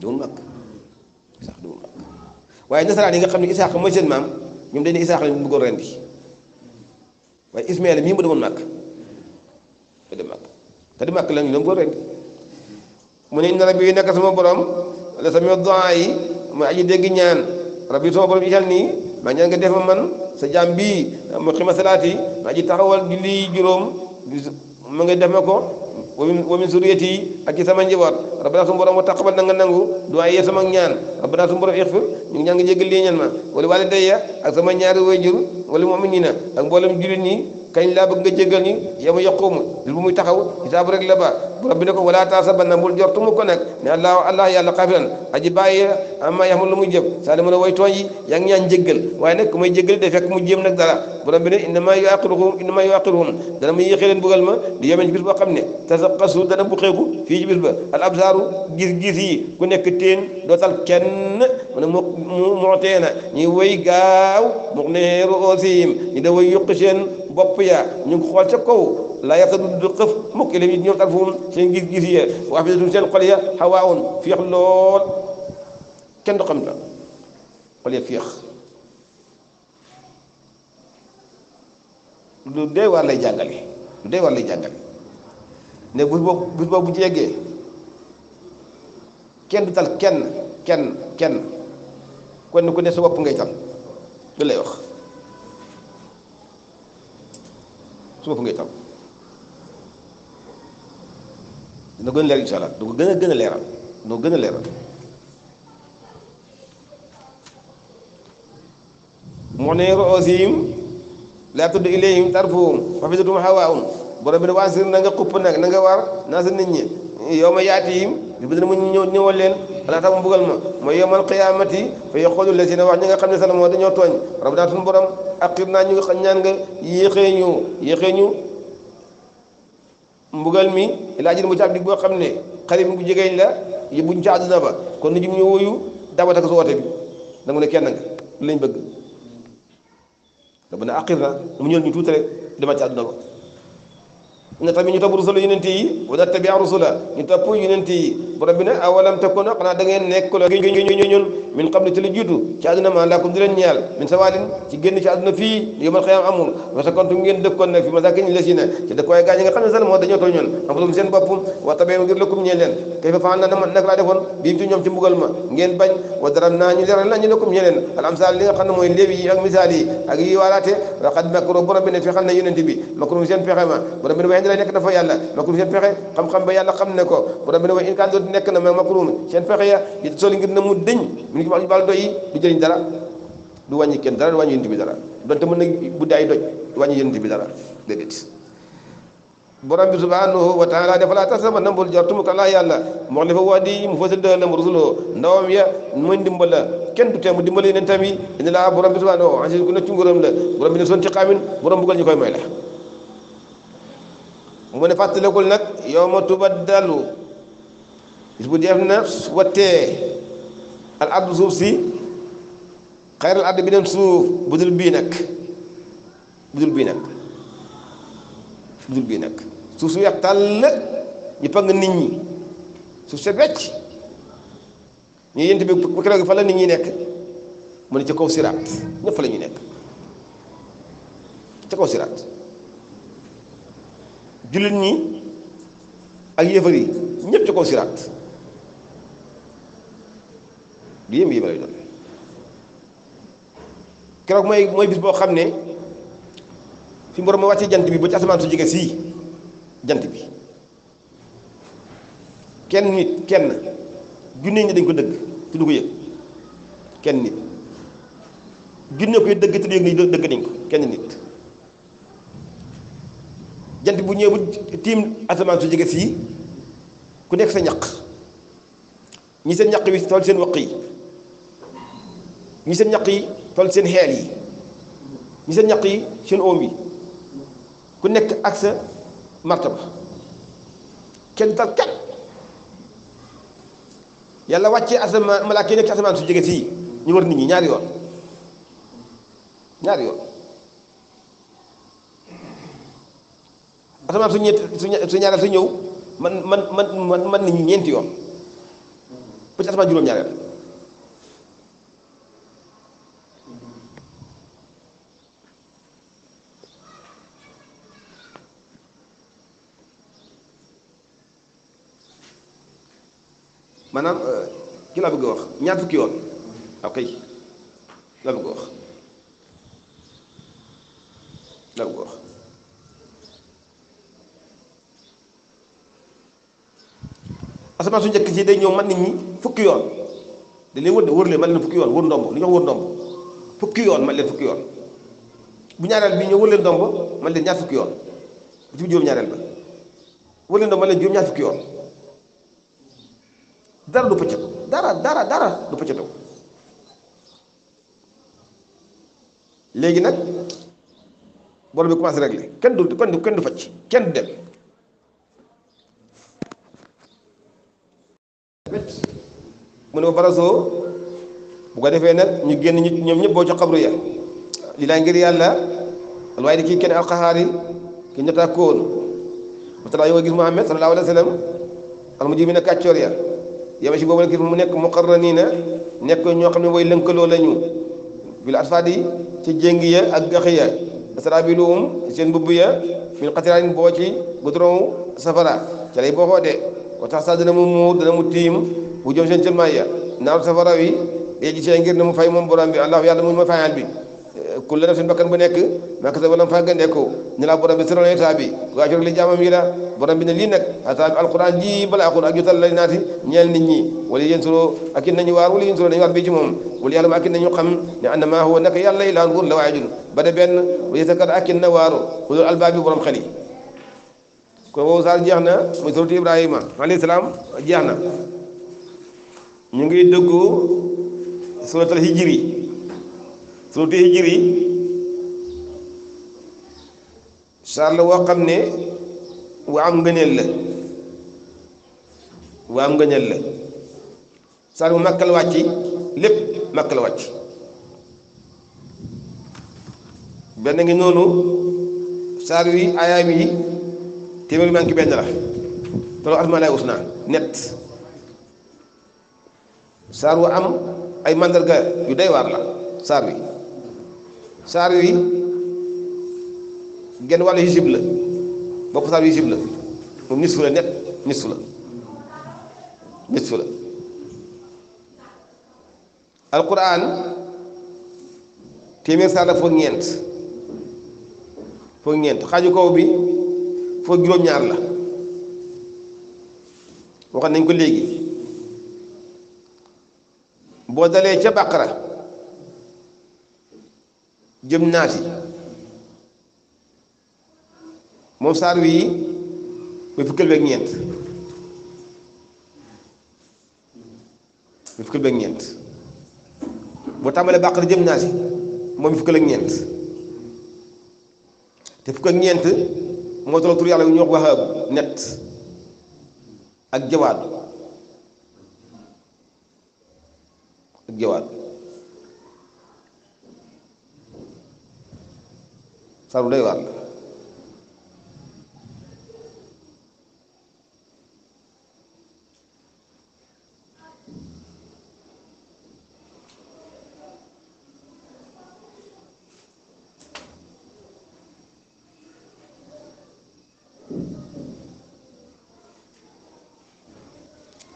demul Màkka Isaaxa demul Màkka waaye nasaraan yi nga xam ne Isaaxa seen maam ñoom dañ ne bëggoon rendi waaye Ismaïla mi mu demoon Màkka dem te di màkk lañu doon góor rek mu ne na rabbi yi nekk sama borom la sama doa yi ma aji dégg ñaan rabbi sama borom ital nii maa nga def ma man sa jaam bii mu xima salaat yi ma aji taxawal di lii juróom ma nga def ma ko wa min suriyati yi ak ci sama njaboot rabbana suñu borom wa taqabal na nga nangu duwaa yee sama ñaan rabbana suñu borom ixfir ñu ngi ñaan nga jéggal lii ñaan ma wala waalidayya ak sama ñaari woy waajur wala mu'minina ak mboolem jullit nii كاين لا بغا جيغالني يوم يقوم لبومي تخاو كتاب رك لبا ربي نكو ولا تاسبن مول جرتمو كو نك الله الله يالله قافلا اجي باي amma ya lu muy jëm saa mu way tooñ yi yaa ngi ñaan jéggal waaye nak kumay may jéggal day fekk mu jéem nak dara borom bi ne innama yuaqiruhum innama yuaqiruhum dara mu yéexee leen bugal ma di yemee bis bo xamné ne tasaqasu dana bu xéku fi ci bis ba al absaaru gis-gis yi ku nekk teen do tal kenn mu ne mu mootee ñi way gaaw mu neeru oosiyim ñi da way yuqi seen bop ya ñu xol ci ca kaw laa yaqadu du xëf mukk ilim yi ñoom tal fuum seen gis-gis ya wax bi seen kenn du xam na xol ya féex lu dee war lu dee war lay jàngale ne bu boobu bu boobu bu kenn du tal kenn kenn kenn kon ku ne sa bopp ngay tal lu lay wax su bopp ngay tal dina gën a leer incha du ko gën a gën a leeral du ko gën a leeral mu'ni ru'usihim laa tudd ilayhim tarfuhum fafidatum hawaa'un borom bi ne waasir na nga xupp nag na nga war naa sa nit ñi yow ma yaatihim bis bi dina mu ñëw ñëwal leen alaa tax mu ma mooy yowmal qiyaamati fa yaqulu lazina wax ñi nga xam ne salamoo dañoo tooñ rabbana suñu borom aqir naa ñu nga ñaan yéexee ñu yéexee ñu mbugal mi laa jël mu caab dig boo xam ne xarit bu jegeeñ la buñ ca àdduna ba kon nit ñi daa wuyu dabataka su woote bi da nga ne kenn nga lañ bëgg da bu ne aqir na mu ñëw ñu tuuti rek demaat ci àdduna ba ne tamit ñu topp rusula yonent yi wala tabia rusula ñu topp yonent yi borom bi ne awalam takun xanaa da ngeen nekk la ñun min xam ne ci lu jiitu ci àdduna ma laakum di leen ñeel min sawalin ci génn ci àdduna fii yomal xëyam amul parce que kontu ngeen dëkkoon nag fi ma sakin les yi ne ci dëkkuwaay gaañ yi nga xam ne sax moo dañoo tooñ ñoon am seen bopp wa tabia ngir lëkkum ñeel leen kay fa faan na dama nag laa defoon bii ci ñoom ci mbugal ma ngeen bañ wa dara naa ñu leeral na ñu lëkkum ñeel leen al amsal li nga xam ne mooy léebi yi ak misaal yi ak yi waalaate waxat makru borom bi ne fexal na yonent bi makru seen fexe ma borom bi di lay nekk dafa yàlla loolu seen pexe xam-xam ba yàlla xam ne ko borom bi ne way in kaan dooti nekk na ma makruum seen pexe ya di soli ngir na mu dëñ mu ngi wax ci bàll doy yi du jëriñ dara du wàññi kenn dara du wàññi yënt bi dara donte mën na buddi ay doj du wàññi yënt bi dara déedéet borom bi subhanahu wa taala ne falaa tasabanna jartum kala yàlla moo ne fa wadi mu fasil dëlam rusuloo ndawam ya mooy ndimbal la kenn du tee mu dimbali yeneen tam yi borom bi subhanahu asiis ku ci nguuram la borom bi son ci xaamin borom bugal ñu may la mu ne fàttalikul nag yow ma tubaddalu bis bu def na wattee al ardu suuf si xayral ardi bi dem suuf bu bii nag bu dul bii nag bu dul nag suuf su weex tàll ñu pang nit ñi su sa becc ñu yent bi bu keroog fa nit ñi nekk mu ne ci kaw siraat ñëpp fa la ñuy nekk ca kaw siraat jullit ñi ak yéefar yi ñëpp ci kaw siraat lu yéem yéeme lay doon keroog mooy mooy bis boo xam ne fi borom ma wàccee jant bi ba ci asamaan su jege sii jant bi kenn nit kenn junne ñi dañ ko dëgg te du ko yëg kenn nit junne koy dëgg te du yëg ni dëgg nañ ko kenn nit jant bu ñëw bu tiim asamaan su jege sii ku nekk sa ñaq ñi seen ñaq yi toll seen waq yi ñi seen ñaq yi toll seen xeel yi ñi seen ñaq yi seen oom yi ku nekk ak sa martaba kenn tal kat yàlla wàccee asamaan malaaka yi nekk ci asamaan su jege sii ñu war nit ñi ñaari yoon ñaari yoon asamaan su ñett su ñaareel su ñëw man man man man nañu ñeenti yoon ba ci asamaan juróom-ñaareel maanaam ci euh, laa bëgg a wax ñaar fukki yoon waaw kay laa bëgg wax laa bëgg a wax asamaan su njëkk si day ñëw man nit ñi fukki yoon da leen wër de wër leen man leen fukki yoon wër ndomb li ñu wax wër ndomb fukki yoon man leen fukki yoon bu ñaareel bi ñëw wër leen ndomb man leen yoon bu ci juróom-ñaareel ba wër leen ndomb ñaar fukki yoon dara du pëccëg dara dara dara du pëccëg léegi nag borom bi commencé réglé kenn du kenn du kenn du facc kenn du dem mu ne ba barasoo bu ko defee nag ñu génn ñi ñoom ñëpp boo ci xabru ya li laay ngir yàlla waaye di kii kenn ak xaxaari ki ñotaa kóon ba tax yoo gis Muhammad sallallahu alayhi wa na kàccoor ya yama si boobu mu nekk muqarraniina nekk ñoo xam ne way lënkaloo lañu bil atfaadi ci jéng ya ak gax ya asraabiluhum seen mbubb ya min qatiraanin boo ci goudron safara ca lay boo xoo de wa dana mu muur dana mu tiim بوجوم سين جل مايا نام سفارا وي يجي سين غير نمو فاي مم برام بي الله يا دمو مفاي عالبي كل من بكر بنيك ما كذا ولا مفاي عندكو نلا برام بسر الله يتابي غاشر لي جامع ميلا برام بين اللي نك هذا القرآن جي بلا أقول أجيت الله ناتي نيل نيني ولي ينصرو أكيد نيجي وارو لي ينصرو نيجي بيجي مم ولي علم أكيد نيجي قم لأن ما هو نك يا الله إلا نقول لو عجل بدأ بين ويتكر أكيد نوارو خذ الباب برام خلي كوزار جهنا مسرتي إبراهيم عليه السلام جهنا ñu ngi dëggoo suratul hijri suratul hijri saar la woo xam ne waa am ngëneel la waa am ngëneel la saar bu màkk la lépp màkk la wàcc benn ngi noonu saar wi ayaam yi téeméer maa ngi benn la te loolu asmaa laay naa net saar wu am ay mandarga yu doy waar la saar wi saar wi genn wàllu hizib la bopp saar wi hizib la moom nisfu la nekk nisfu la nisfu la alquran téeméer saar la foog ñeent foog ñeent xaaju kow bi foog juróom-ñaar la waxoon nañ ko léegi boo dalee ca bàqara jëm naati moom saar wii muy fukkël beeg ñeent muy fukkël beeg ñeent jëm naati moom mi fukkël ak ñeent te fukk ñeent moo tollu tur yàlla ñoo ñuy net ak jawaadu ak jawaab saar bu doy waar la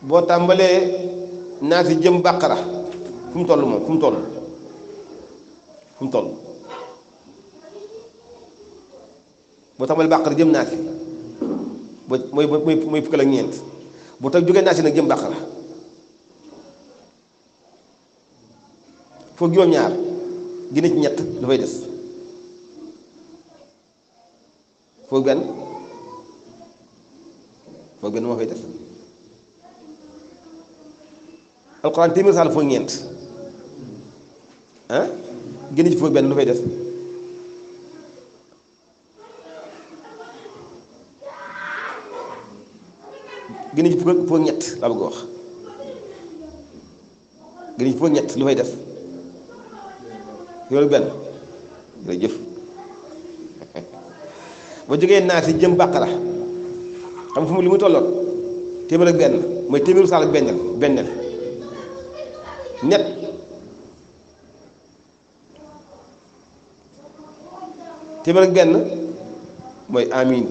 boo tàmbalee naasi jëm bàqara fu mu toll moom fu mu toll fu mu toll boo taxawal bàqara jëm naa fi ba mooy mooy mooy fukkal ak ñeent boo tax jógee naa si nag jëm bàqara foofu juróom-ñaar gëna ci ñett dafay des foo benn foofu benn moo fay des alxuraan téeméer saal foofu ñeent ah génn ci fukk benn lu fay def génn ci fukk fukk ñett laa bëgg wax génn ci ñett lu fay def yoolu benn jërëjëf ba jógee naati jëm bàqara xam fu mu li muy tolloon téeméer ak benn mooy téeméeru saal ak bennel net téeméer ak benn mooy amin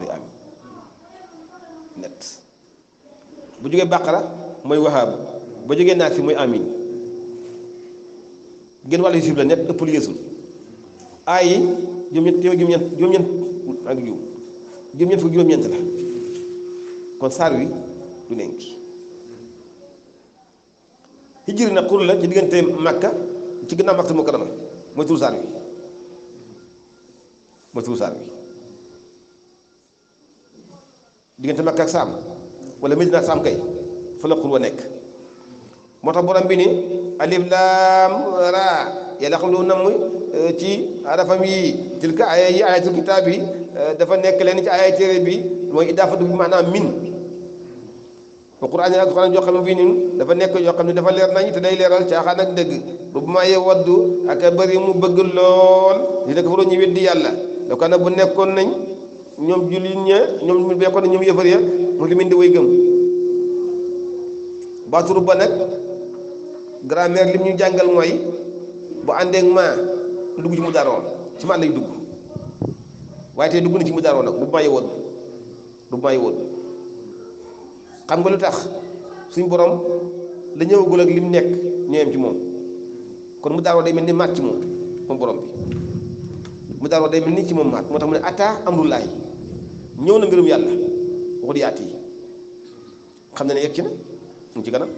mooy amin net bu jógee bàqara mooy waxaabu ba jógee naag si mooy amin ngeen wàllu sib la net ëpp lu yeesul aay yi juróom-ñett juróom-ñett juróom-ñett ak juróom juróom ñeent la kon saar wi du nekk hijri na xur la ci diggante Makka ci ginnaaw Makka Mukarrama mooy turu saar wi mooy turu saar wi diggante Makka ak Saam wala Medina ak Saam kay fa la xul wa nekk moo tax borom bi ni alif laam raa yàlla xam lu nam euh, ci arafam yi tilka aaya yi ayatul kitaab bi euh, dafa nekk leen ci aaya téere bi mooy idaafatu bi maanaam min alquran ak alquran joo xam ne bii nii dafa nekk yoo xam ne dafa leer nañ te day leeral caaxaan ak dëgg bu ma yee waddu ak bëri mu bëgg lool li nekk fa ñu weddi yàlla daf ko ne bu nekkoon nañ ñoom jullit ña ñoom ñu nekkoon nañ ñoom yëfar ya mu limin di way gëm baaturu ba nag grammaire lim ñu jàngal mooy bu àndeek ma dugg ci mu daroon ci ma lay dugg waaye tey dugg na ci mu daroon nag xam nga lu tax suñ borom la ñëwagul ak lim nekk ñooyam ci moom kon mu daaroo day mel ni maat ci moom moom borom bi mu daaroo day mel ni ci moom maat moo tax mu ne ataa amrullaahi ñëw na mbirum yàlla waxu yaat yi xam na ne yegg ci na mu ci kanam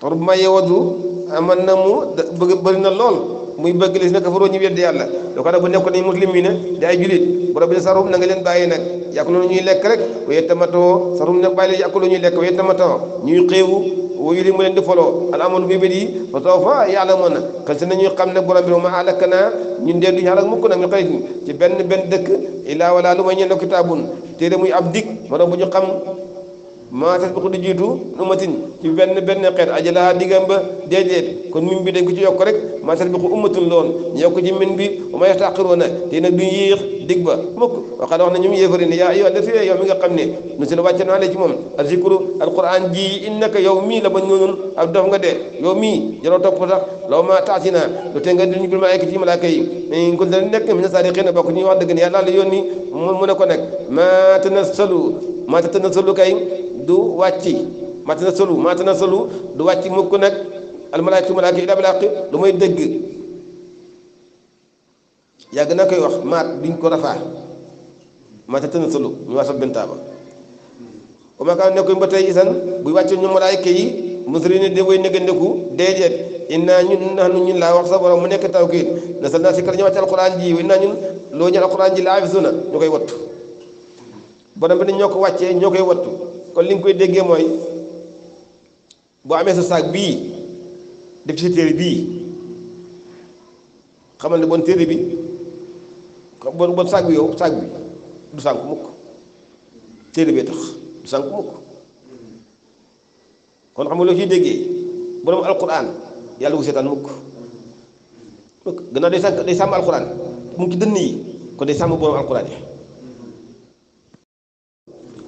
tax bu may yeewatu aman na mu bëgg bëri na lool muy bëgg lis na kafaroo ñu weddi yàlla lu ko nag bu nekkoon nañ muslimina di julit borom sarum na nga leen bàyyi nag yàkkuloonu ñuy lekk rek waye tamatoo sarum nag bàyyi leen yàkkuloo ñuy lekk waye tamatoo ñuy xéewu wuyu li mu leen di foloo al amoon bi bét yi fa soo fa yàlla na xel si nañuy xam ne borom bi ma alak naa ñun dee duñu xalak mukk nag ñu xëy ci benn benn dëkk ilaa wala lu may ñeen la kitaabun téere muy ab dig maa tasbiqu di jiitu ummatin ci benn benn xeet ajalaha diggam ba déedéet kon min bi dañ ko ci yokk rek maa tasbiqu ummatun loon ñu yokk ci min bi wa ma yastaxiruuna te nag duñ yéex dig ba mukk waxaa wax na ñoom yéefari ne yaa ayyuha allazina yow mi nga xam ne nu si la wàcce naa la ci moom azikru alquran ji innaka yow mii la bañ noonun ak dof ma taatina lu te nga duñ bil malaayika ci malaayika yi in kunta nekk mina saadiqiina bokk ñu wax dëgg ne yàlla la yónni mu ne ko nag ma tanassalu ma tanassalu kay du wàcci maa tana solu maa tana solu du wàcci mukk nag almalaayikatu malaaka yi daa bil haqq lu may dëgg yàgg naa koy wax maat duñ ko rafaa maata tana solu ñu waa sab bentaaba o ma kaan nekkoy ba tey isan buy wàccee ñu malaayika yi musri ni de way négandeku déedéet innaa ñun nahnu ñun laa wax sa borom mu nekk tawkiid nasal naa sikkar ñu wàcce alquran ji innaa ñun loo ñu alquran ji laa hafisuuna ñu koy wattu borom bi ne ñoo ko wàccee ñoo koy wattu kon li nga koy déggee mooy boo amee sa saag bii def ci sa téere bii xamal ne bon téere bi bon bon saag bi yow saag bi du sànku mukk téere bee tax du sànku mukk kon xam nga loo ciy déggee borom alquran yàlla ko seetaan mukk mukk gannaaw day sànk day sàmm alquran mu ngi ci dënn yi kon day sàmm borom alquran yi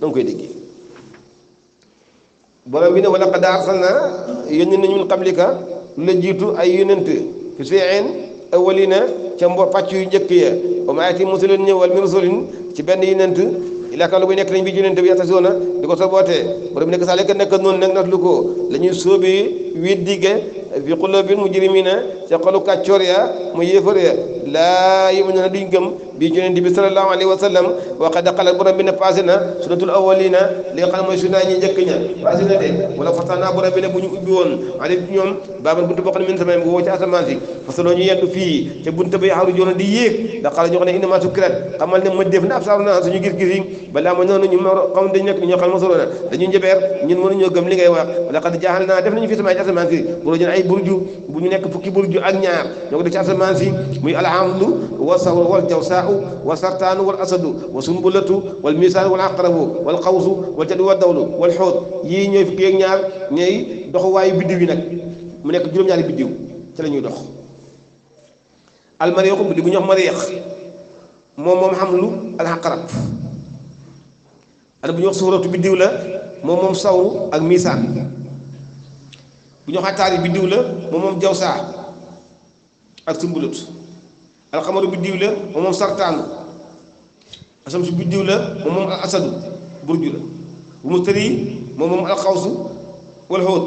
da koy déggee borom bi ne a qad sana yónni nañu min qablika la jiitu ay yónent fi fiin awalina ca mbo pàcc yu njëkk ya wa maa ya'tiihim min rasulin ñëwal min rasulin ci benn yónent ilaa kaanu bu nekk nañ bi yónent bi yàtta soona di ko sobootee borom bi nekk sax lekk nekk noonu nag natlu ko la ñuy weddige fi qulubil mujrimina ca xolu kàccoor ya mu yéefar ya laa yu'minuuna duñ gëm bi yonent bi sallallahu alayhi wa sallam wa qad xalat borom bi ne passé na sunnatul awwalina li nga xam ne mooy sunna ñi njëkk ña passé na de wala fatanaa borom bi ne bu ñu ubbi woon alif ñoom baaban buntu boo xam ne min sama bu woo ci asamaan si parce que yendu fii ca buntu ba yaxaru joona di yéeg da xala ñoo xam ne innamaa sukkirat xamal ma def na absar na suñu gis-gis yi balaa ma noonu ñu ma xam dañ nekk ñoo xam ne mosoloona dañu njëbeer ñun asamaan si bu la jël ay burju bu ñu nekk fukki burju ak ñaar ñoo ko def ci asamaan si muy alhamdu wa sahwa wal jawsaa'u wa sartaanu wal asadu wa sumbulatu wal misaan wal aqrabu wal xawsu wal jadu wal dawlu wal xoot yii ñooy fukki ak ñaar ñooy doxuwaayu biddiw yi nag mu nekk juróom-ñaari biddiw ci la dox almariixu biddiw bu ñu wax mariix moom moom xamlu alxaqarab ana bu ñu wax suuratu la moom moom sawru ak misaan bu ñu xataar yi biddiw la moom moom jawsaa ak sumbulut alxamaru biddiw la moom moom sartaanu asam biddiw la moom moom al asadu burju la bu mu tëri moom moom alxawsu wal xóot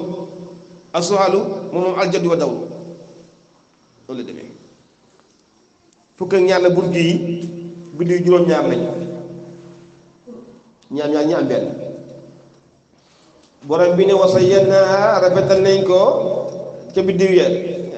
ak suxaalu moom moom aljadu wa dawlu loolu la demee fukk ak ñaar la burju yi biddiw juróom-ñaar lañu ñaar ñaar benn borom bi ne na rafetal nañ ko ca biddiw ya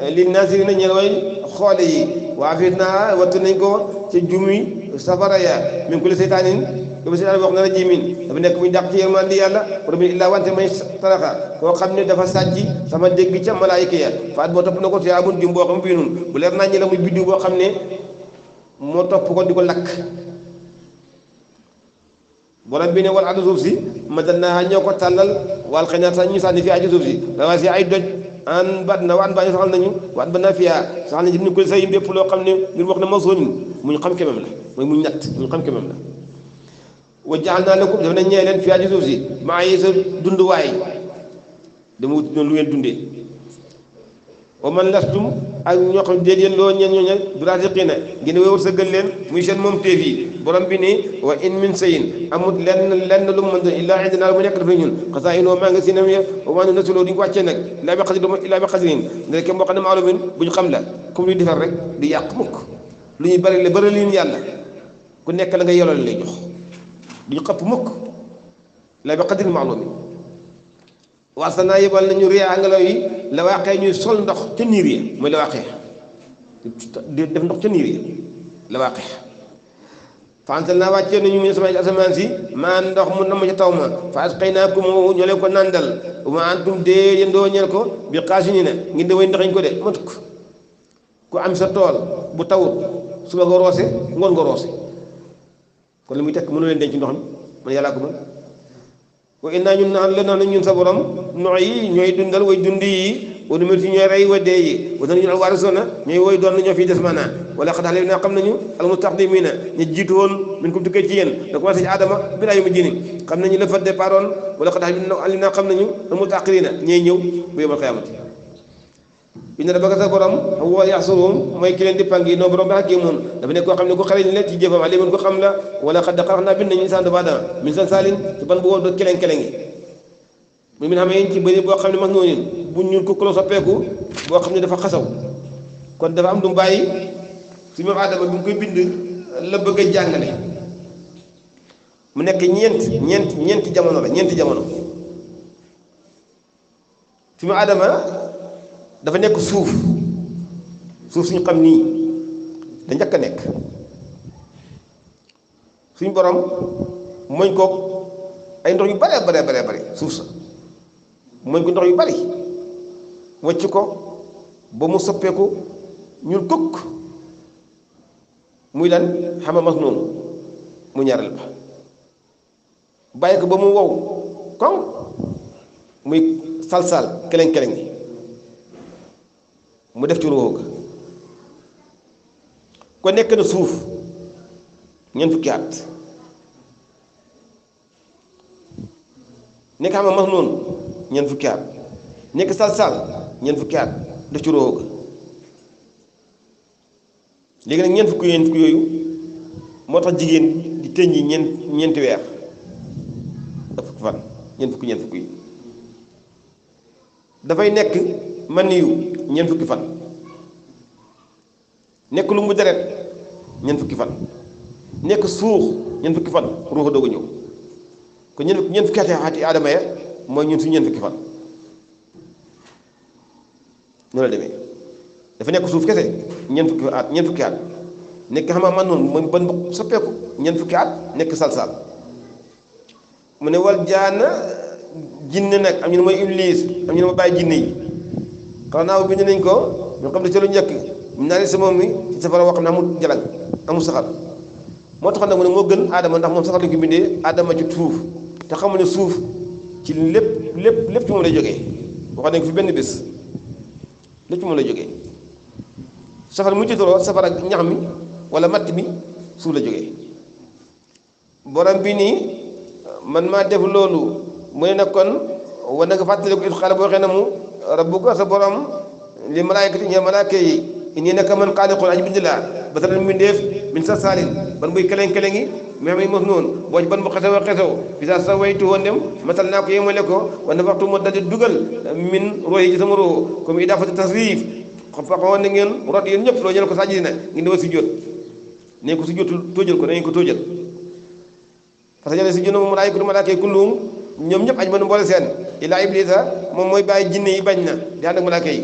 li naasiri na ñeel way xoole yi wa afidnaa wattu nañ ko ca jumi safara ya min kulli seytaanin dama si daal wax na la jimin dafa nekk muy dàq ci yërmande yàlla borom illaa wante may taraxa koo xam ne dafa sàcc sama dégg ca malaayika ya faat boo topp na ko tiyaabun jum boo xam bi nun bu leer naa ñi la muy biddiw boo xam ne moo topp ko di ko lakk borom bi ne wal addu suuf si matal naa ñoo ko tàllal wal xëy na sax ñu sànni fii ci suuf si dawaa si ay doj an bat na waan baa ñu saxal nañu waan ba naa fiyaa saxal nañu ñu ko lépp loo xam ne ngir wax ne ma soonin muñ xam kemam la mooy muñ natt muñ xam kemam la wa jaxal naa lakum daf na ñee leen fiyaa ci suuf si maa yi sa dunduwaay dama wut noonu lu ngeen ومن لستم اك نيو خم ديجين لو نين نيو دو رازقين غين ويور سغل لين موي سين موم تيفي بروم بي ني وا ان من سين امود لن لن لو من الا عندنا مو نيك في نيون خزائن ما نغ سينم يا وما نسلو دي واتي نك لا بخذ دم الا بخذين نك مو خنا معلومين بو خم لا كوم لي ديفر رك دي ياق موك لو ني بارال بارال لين يالا كو نيك لا غا يولال لي جوخ دي خف موك لا بخذ المعلومين wasanaa yebal nañu riyaa ngelaw yi la waaqee ñuy sol ndox ca niir ya muy la waaqee def ndox ca niir ya la waaqee fansal naa wàccee nañu min asamaan si maa ndox mu namm ca taw ma faas xëy naa ko moo ñoo leen ko nandal ma antum dee yendoo ñeel ko bi xaasi ni ne ngir de way ndoxañ ko de mënut ku am sa tool bu tawut suba nga li muy tekk mënu leen denc ndox mi man yàllaa wa innaa ñun naan la naan ñun sa borom nox yi ñooy dundal way dund yi wa numér si ñooy rey wa dee yi wa danañu al waarisuuna ñooy woy doon na ñoo fiy des maanaa wala xadax léegi naa xam nañu al mustaqdimiina ñu jiitu woon min kum tukkee ci yéen da commencé ci aadama bi laa yu mu jini xam nañu la fa départoon wala xadax li naa xam nañu al mutaaxiriina ñooy ñëw bu yomal xiyaamati inna rabbaka sa borom huwa yaxsuruhum mooy ki leen di pang yi noonu borom bi hakiimun dafa nekk xam ne ko xarañ la ci jëfam alimun ko xam la wala xad xalax naa bind nañu insaan dafa dama min san saalin ci ban mu min xamee ci boo xam ne mag noonu bu ñuul ku kulo soppeeku boo xam ne dafa xasaw kon dafa am du mu bàyyi si moom aadama bi mu koy bind la bëgg a jàngale mu nekk ñeent ñeent ñeenti jamono la ñeenti jamono si moom aadama dafa nekk suuf suuf suñu xam nii da njëkk a nekk suñu borom mooñ ko ay ndox yu bare bare bare bare suuf sa mooñ ko ndox yu bari wàcc ko ba mu soppeeku ñuul kukk muy lan xama mas noonu mu ñaareel ba bàyyi ko ba mu wow koŋ muy salsal keleng keleng mu def ci ruuxu ko nekk na suuf ñeent fukki at nekk xam nga mas noonu ñeent fukki at nekk sal-sal ñeent fukki at def ci ruuxu ga léegi nag ñeent fukki ñeent fukki moo tax jigéen di tëñ yi ñeenti weer dafa fukki dafay nekk man ni ñeent fan nekk lu mu deret ñeent fukki fan nekk suux ñeent fukki fan ruuxa doogu ñëw kon ñeent ñeent fukki ati aadama ya mooy ñun suñu ñeent fukki fan noonu la deme dafa nekk suuf kese ñeent fukki at ñeent fukki at nekk xam man noonu mooy ban soppeeku ñeent fukki at nekk mu ne wal jaana jinne nag am ñu ne mooy iblis am ñu ne mooy bàyyi jinne yi xanaa bind nañ ko ñu xam ne ca lu njëkk ñu safara wax na amul njalag amul saxar moo taxoon nag mu gën aadama ndax moom saxar la ko bindee aadama ci suuf te ne suuf ci lépp lépp lépp ci moom lay jógee wax nañ ko fi benn bés lépp ci moom lay jógee safar mu jiitaloo safar ak ñax mi wala matt mi suuf la jógee borom bi nii man maa def loolu mu ne nag kon war na nga fàttaliku it xale boo xee na mu. rabbuka a borom li malaayikati ñee malaaka yi inni naka man xaaliqun aji bind laa basaral mbindeef min sa saalin ban buy keleng kelengi mais may mos noonu waj ban a xesew bisa sa waytu woon dem masal naa ko yemale ko wante na ngeen rot yéen ñëpp loo jël ko sajidina ngi dewa si jot nañ ko si jot tóojal ko nañ ko tóojal parce mu malaayikatu malaaka yi ñoom ñëpp aj mënu boole seen illaa iblisa moom mooy bàyyi jinne yi bañ na di ànd ak malaaka yi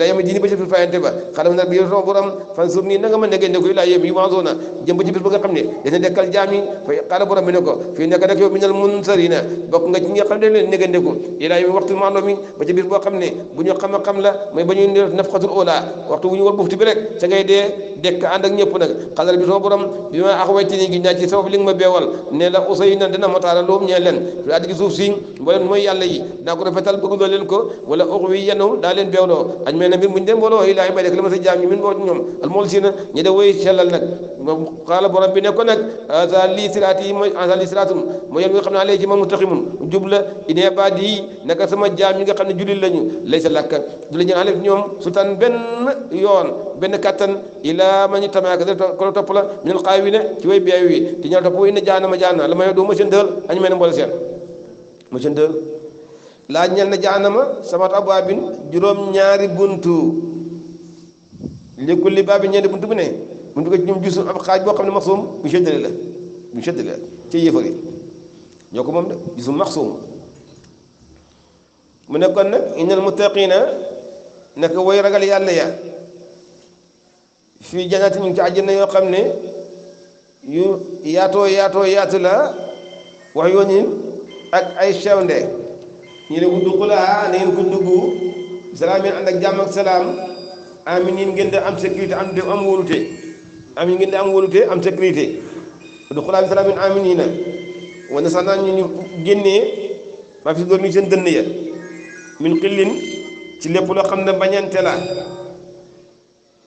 ila yawmi diini ba ci fayante ba xalam na bi sama borom fan suur nii na nga ma nekkee ko ilaa yawmi yubaasuuna jëm ba ci ba nga xam ne dana ne ko fii nekk rek yow ba ci bis boo xam ne bu ñu xam a la mooy ba ñuy nafxatul oola waxtu bu ñu war bufti bi rek ca dee dekk ànd ak ñëpp nag xalal bi sama borom bi ma la usay na dana mataala loom ñee leen fi addi ko rafetal bëgguloo leen ko wala la ma sa jaam ñi min boo ñoom al mool si na ñi da mooy asa li nga xam ne alee ci ma mustaqimun jub la inee baat yi naka sama jaam yi nga xam ne jullit lañu lay sa lakk du ñeen ale ñoom sultaan benn yoon benn kattan ila illa man ittamaaka ko la topp la min al xaawi ne ci way biyaay wi ti ñal topp way na jaanama jaanna la may doo ma seen dël añu mel ne mboole seen laa ñel na jaanama samat juróom ñaari buntu li kulli baabin ñeenti buntu bu ne buntu ko ci ñoom jusu xaaj boo xam ne maxsuum bu seddale la bu seddale la ci yéefar ñoo ko moom de jusum maxsuum mu nekkoon nag innal muttaqiina nekk way ragal yàlla ya fii jannati ñu ngi ci yoo xam ne yu yaato yaatoo yaatu la wax yoonin ak ay chewnde ñu ne udxuluhaa na ngeen ko dugg salaam yéen ànd ak salaam amin yéen ngeen di am sécurité am di am wóolute amin am wóolute am sécurité udxuluhaa bi salaamin aaminiina wa nasax naa ñu ñu génnee maa fi doon ñu dënn ya min xillin ci lépp loo xam ne bañante la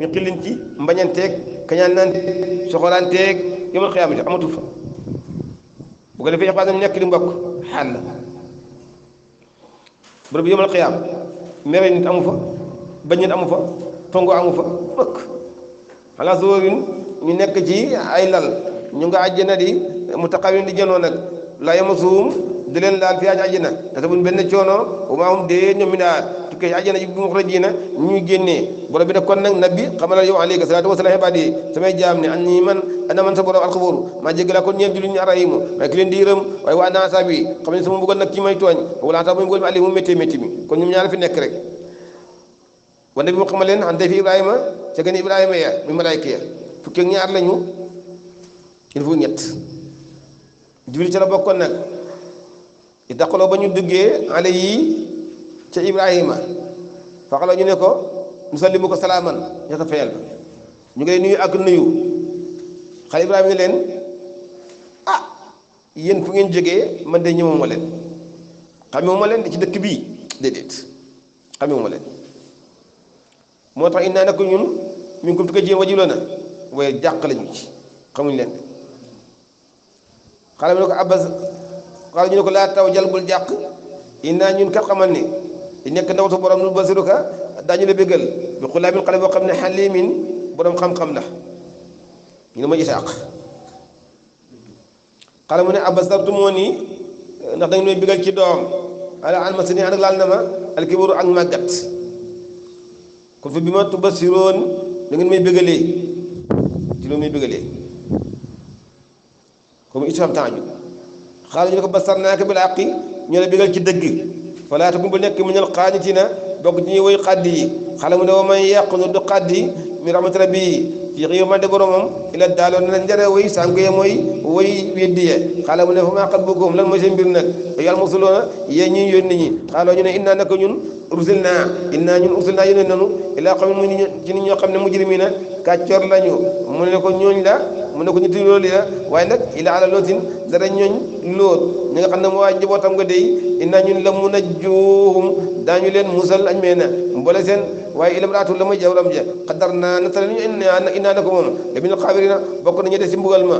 ñu xillin ci mbañanteeg kañaan naan soxolanteeg yomal xiyaamati amatul fa ko defee ixwaan nekk di mbokk xaal la bërëb yomal xiyaam mere nit amu fa bañ nit amu fa tongo amu fa mbokk xanaa sóorin ñu nekk ci ay lal ñu nga àjjana di mu taxawin di jënoo nag la yamasuhum du leen laal fiyaa ci àjjana te buñ benn coono wa maa hum dee ñoom min aa tukkee ci àjjana ji bi muxrajiina ñuy génnee borom bi ne kon nag nabi xamalal yow alayka salaatu wa salaam ibaadi samay jaam ne ani man ana man sa borom alxafuur maa jégalaa kon ñeent jullit ñi arayimu maa ki leen di yërëm waaye wa ana asaabi xam ne sama mbugal nag may tooñ wala asaab muy mbugal mi ali mu métti métti mi kon ñoom fi nekk rek wa nabi mu xamal leen an dayfi ibrahima ca gën ibrahima ya mi malaayka ya fukki ak ñaar lañu il faut ñett jibril i daqaloo ba ñu duggee ale yi ca ibrahima faxaloo ñu ne ko nusallimu ko salaaman ñata fayal ba ñu ngi lay nuyu ak nuyu xale ibrahima ne leen ah yéen fu ngeen jóge man de ñëwuma leen xamewuma leen ci dëkk bii déedéet xamewuma leen moo tax innaa nag ñun min kum tukkee jiyén wajuloona waaye jàq lañu ci xamuñu leen de xale bi ne ko abbas xaala ñu ne ko laa taw jal bul jàq inaa ñun kat xamal ni nekk ndawatu borom nu basiruka daañu la béggal bi xulaamin xale boo xam ne xalimin borom xam-xam la ñu ne ma isaaq xale mu ne abasartu moo nii ndax da nga may bégal ci doom ala an ma sani ànd ak laal na ma alkibaru ak màggat kon ma tubasiroon da may bégalee ci loo may bégalee taaju xaaral ñu ko basarnaaka bil haqqi ñu la bégal ci dëgg falaa takun bu nekk minal qaanitina bokk ci ñuy woy xaddi yi xale mu ne wa man yaqulu du xaddi min rahmati rabbi ci xëy ma de boromam ila daaloon na njare woy sànq ya mooy woy weddi ne fa maa xat lan mooy seen mbir nag yàlla mosuloona yéen ñuy yónni ñi xaaloo ne innaa naka ñun ursil naa ñun ursil naa nanu ilaa xamin mu ci ñoo xam ne mujrimina kàccoor lañu mu ne ko ñooñ la mu ne ko ñu tudd loolu ya waaye nag ila ala lootin dara ñooñ loot ñi nga xam ne moo waa njabootam nga dey inna ñun la na a juuhum daañu leen musal añ mee na mboole seen waaye ilam raatu la ma jawram ja xadar naa nattale ñu inna na ko moom la min xaabirina bokk nañu des si mbugal ma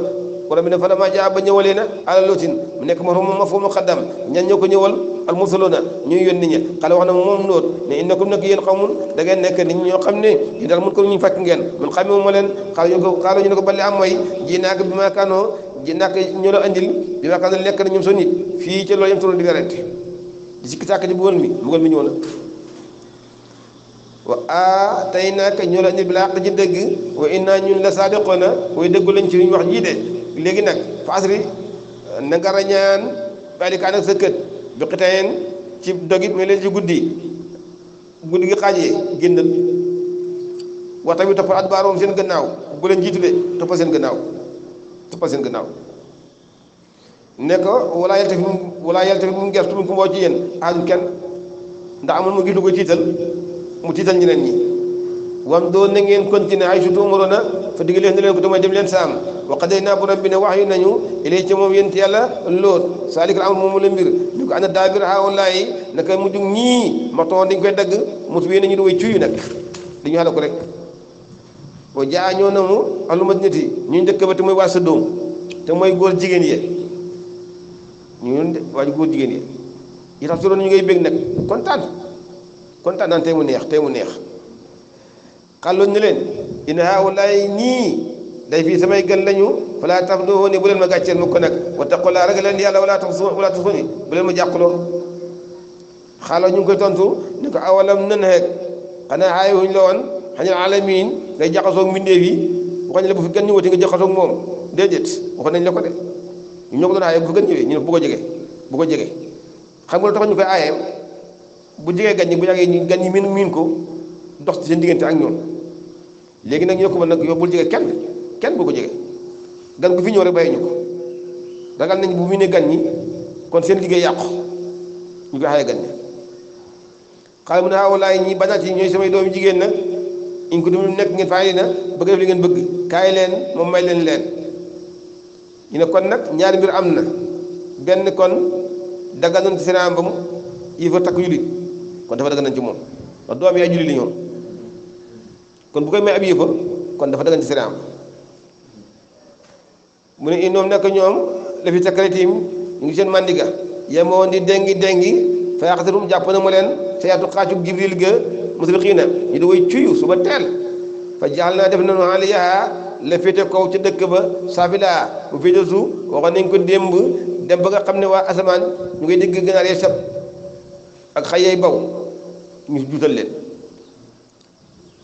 borom bi ne fa dama jaa ba ñëwalee na ala lootin mu nekk ma fa moom ma foo ma xaddam ñan ñoo ko ñëwal al mursaloona ñuy yónni ña xale wax na moom loolu ne innakum nag yéen xawmun da ngeen nekk nit ñoo xam ne yéen daal mun ko ñu fekk ngeen man xamee ma leen xaaral ñu ko xaaral ñu ne ko bali am mooy ji naa ko bi ma kaanoo ji naa ko ñu la andil bi ma kaanoo lekk na ñoom soo fii ca loolu yem toll di werante di sikki sàkk mi bugal mi ñëw na wa aataynaa ñu la andil bi la àq ji dëgg wa innaa ñun la saadiqoona way dëggu lañ ci ñu wax jii de léegi nag fa asri na nga rañaan bàyyi sa kët bi xitayeen ci dogit mooy leen ci guddi guddi gi xaajee génnal wax tamit toppal adbaaroom seen gannaaw bu leen jiitule toppal seen gannaaw toppal seen gannaaw ne ko walaa yel tafit walaa yel tafit mu gertu mu ko mboo ci yéen aajum kenn ndax amul mu ngi ko tiital mu tiital ñeneen ñi wam doon na ngeen continuer ay surtout umurona fa digg leen ne leen ko damay dem leen saam wa a bi rabbinaa wahyi nañu ilay ci moom yéen yàlla lool saalikal amr moomu la mbir ko ana daabir haawulaayi naka mu jug ñii ma toon dañ koy dagg mos wéy nañu di way cuy nag dañu xale ko rek boo jaa ñoo na mu alu madinati ñu njëkk ba te mooy waa sa doom te mooy góor jigéen ye ñu waaju góor jigéen ye yi tax suroon ñu ngay bég nag kontaan kontaan naan tey mu neex te mu neex xàlloon ni leen ina haawulaayi ñii day fii samay gën lañu falaa tafduuni bu leen ma gàcceel ko nag wa taqullaa ragal leen yàlla wala tax wala taxuni bu leen ma jàqloo xaala ñu ngi koy tontu ni ko awalam nan xeeg xanaa aayi wuñu la woon xanil alamin ngay jaxasoog mbindeef yi waxoon la bu fi gën ñëwati nga jaxasoog moom déedéet waxoon nañ la ko de ñu ko doon aaye bu fi gën ñëwee ñu ne bu ko jege bu ko jege xam nga lu tax ñu koy aaye bu jegee gan ñi bu yàggee ñu gan ñi miin miin ko dox ci seen diggante ak ñoom léegi nag ñoo ko mën nag yow bul jege kenn kenn bu ko jege gan gu fi ñëw rek bàyyi ñu ko nañ bu mu ne gan ñi kon seen liggéey yàqu ñu koy xaye gan ñi xale mu ne ah walaay ñi banaat yi ñooy samay doomi jigéen na in ko dum nekk ngeen faay na bëgg def li ngeen bëgg kaay leen moom may leen leen ñu ne kon nag ñaari mbir amna na benn kon dagganoon ci seen mbam yi fa takk jullit kon dafa dagg nañ ci moom ndax ay jullit li kon bu koy may ab yëfa kon dafa daggan ci seen mu ne innoom nekk ñoom la fi takkaritim ñu ngi seen mandiga yemoon di dengi dengi fa yaqtarum jàpp na leen sa yaatu xaacug jibril ga musriqiina ñu di naa def nanu aliyaha la kaw ca dëkk ba saabilaa mu féete ko démb dem ba nga xam ne waa asamaan ñu ngi dégg ganaar yee sab ak xayey baw ñu juutal leen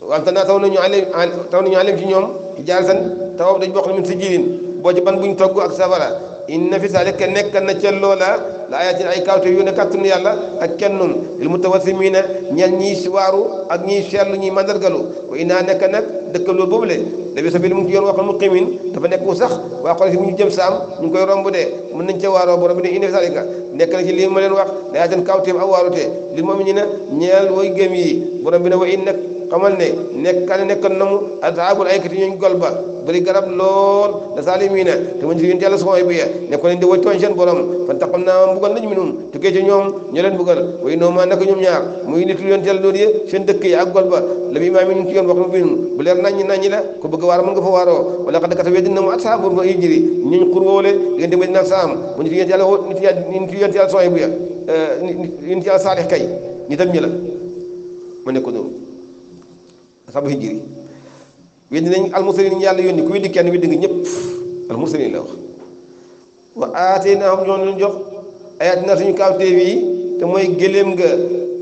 wante naa taw nañu alem taw ci ñoom ci jaal san tawam dañ bokk na min si jilin booj ban buñ togg ak safara inna fi zalika nekk na ca loola la ayatin ay kawte yu ne kàttanu yàlla ak kennum lil mutawassimiina ñeel ñiy waaru ak ñii seetlu ñiy mandargalu wa inna nekk nag dëkk loolu boobule la bi sabili mu ngi ci yoon waxal muqimin dafa nekk sax waa xol si bu ñu jëm saam ñu ngi koy romb de mën nañ ca waaroo borom bi ne inna fi zalika nekk na ci lii ma leen wax la ayatin kawteem ak waarute lil mu'miniina ñeel way gëm yi borom bi ne wa in xamal ne nekkale nekkan na mu ashaabul aykati ñooñ gol ba bëri garab lool la saalimiina te muñ fi yun yàlla sooy bi nekko leen di way tooñ seen borom fan taxam naa mbugal nañ minum tukkee ci ñoom ño leen mbugal ñoom ñaar muy nitu yoon yàlla loolu yë seen dëkk yi ak gol ba la bi imaam yi ñu bu leer naññi naññi la ko bëgg waar ma hijri ñuñ xur woole diggante ma dina saam mu nitu yoon yàlla nitu yoon yàlla sooy bi ya eh, yun yàlla saalix kay ñi tam ñi la ma nekko noonu sabu hijri weddi nañ almursalin ñu yàlla yónni ku weddi kenn weddi nga ñëpp almursalin la wax wa aataynaahum ñoo leen jox ayaatinaa suñu kaawteef yi te mooy gëléem nga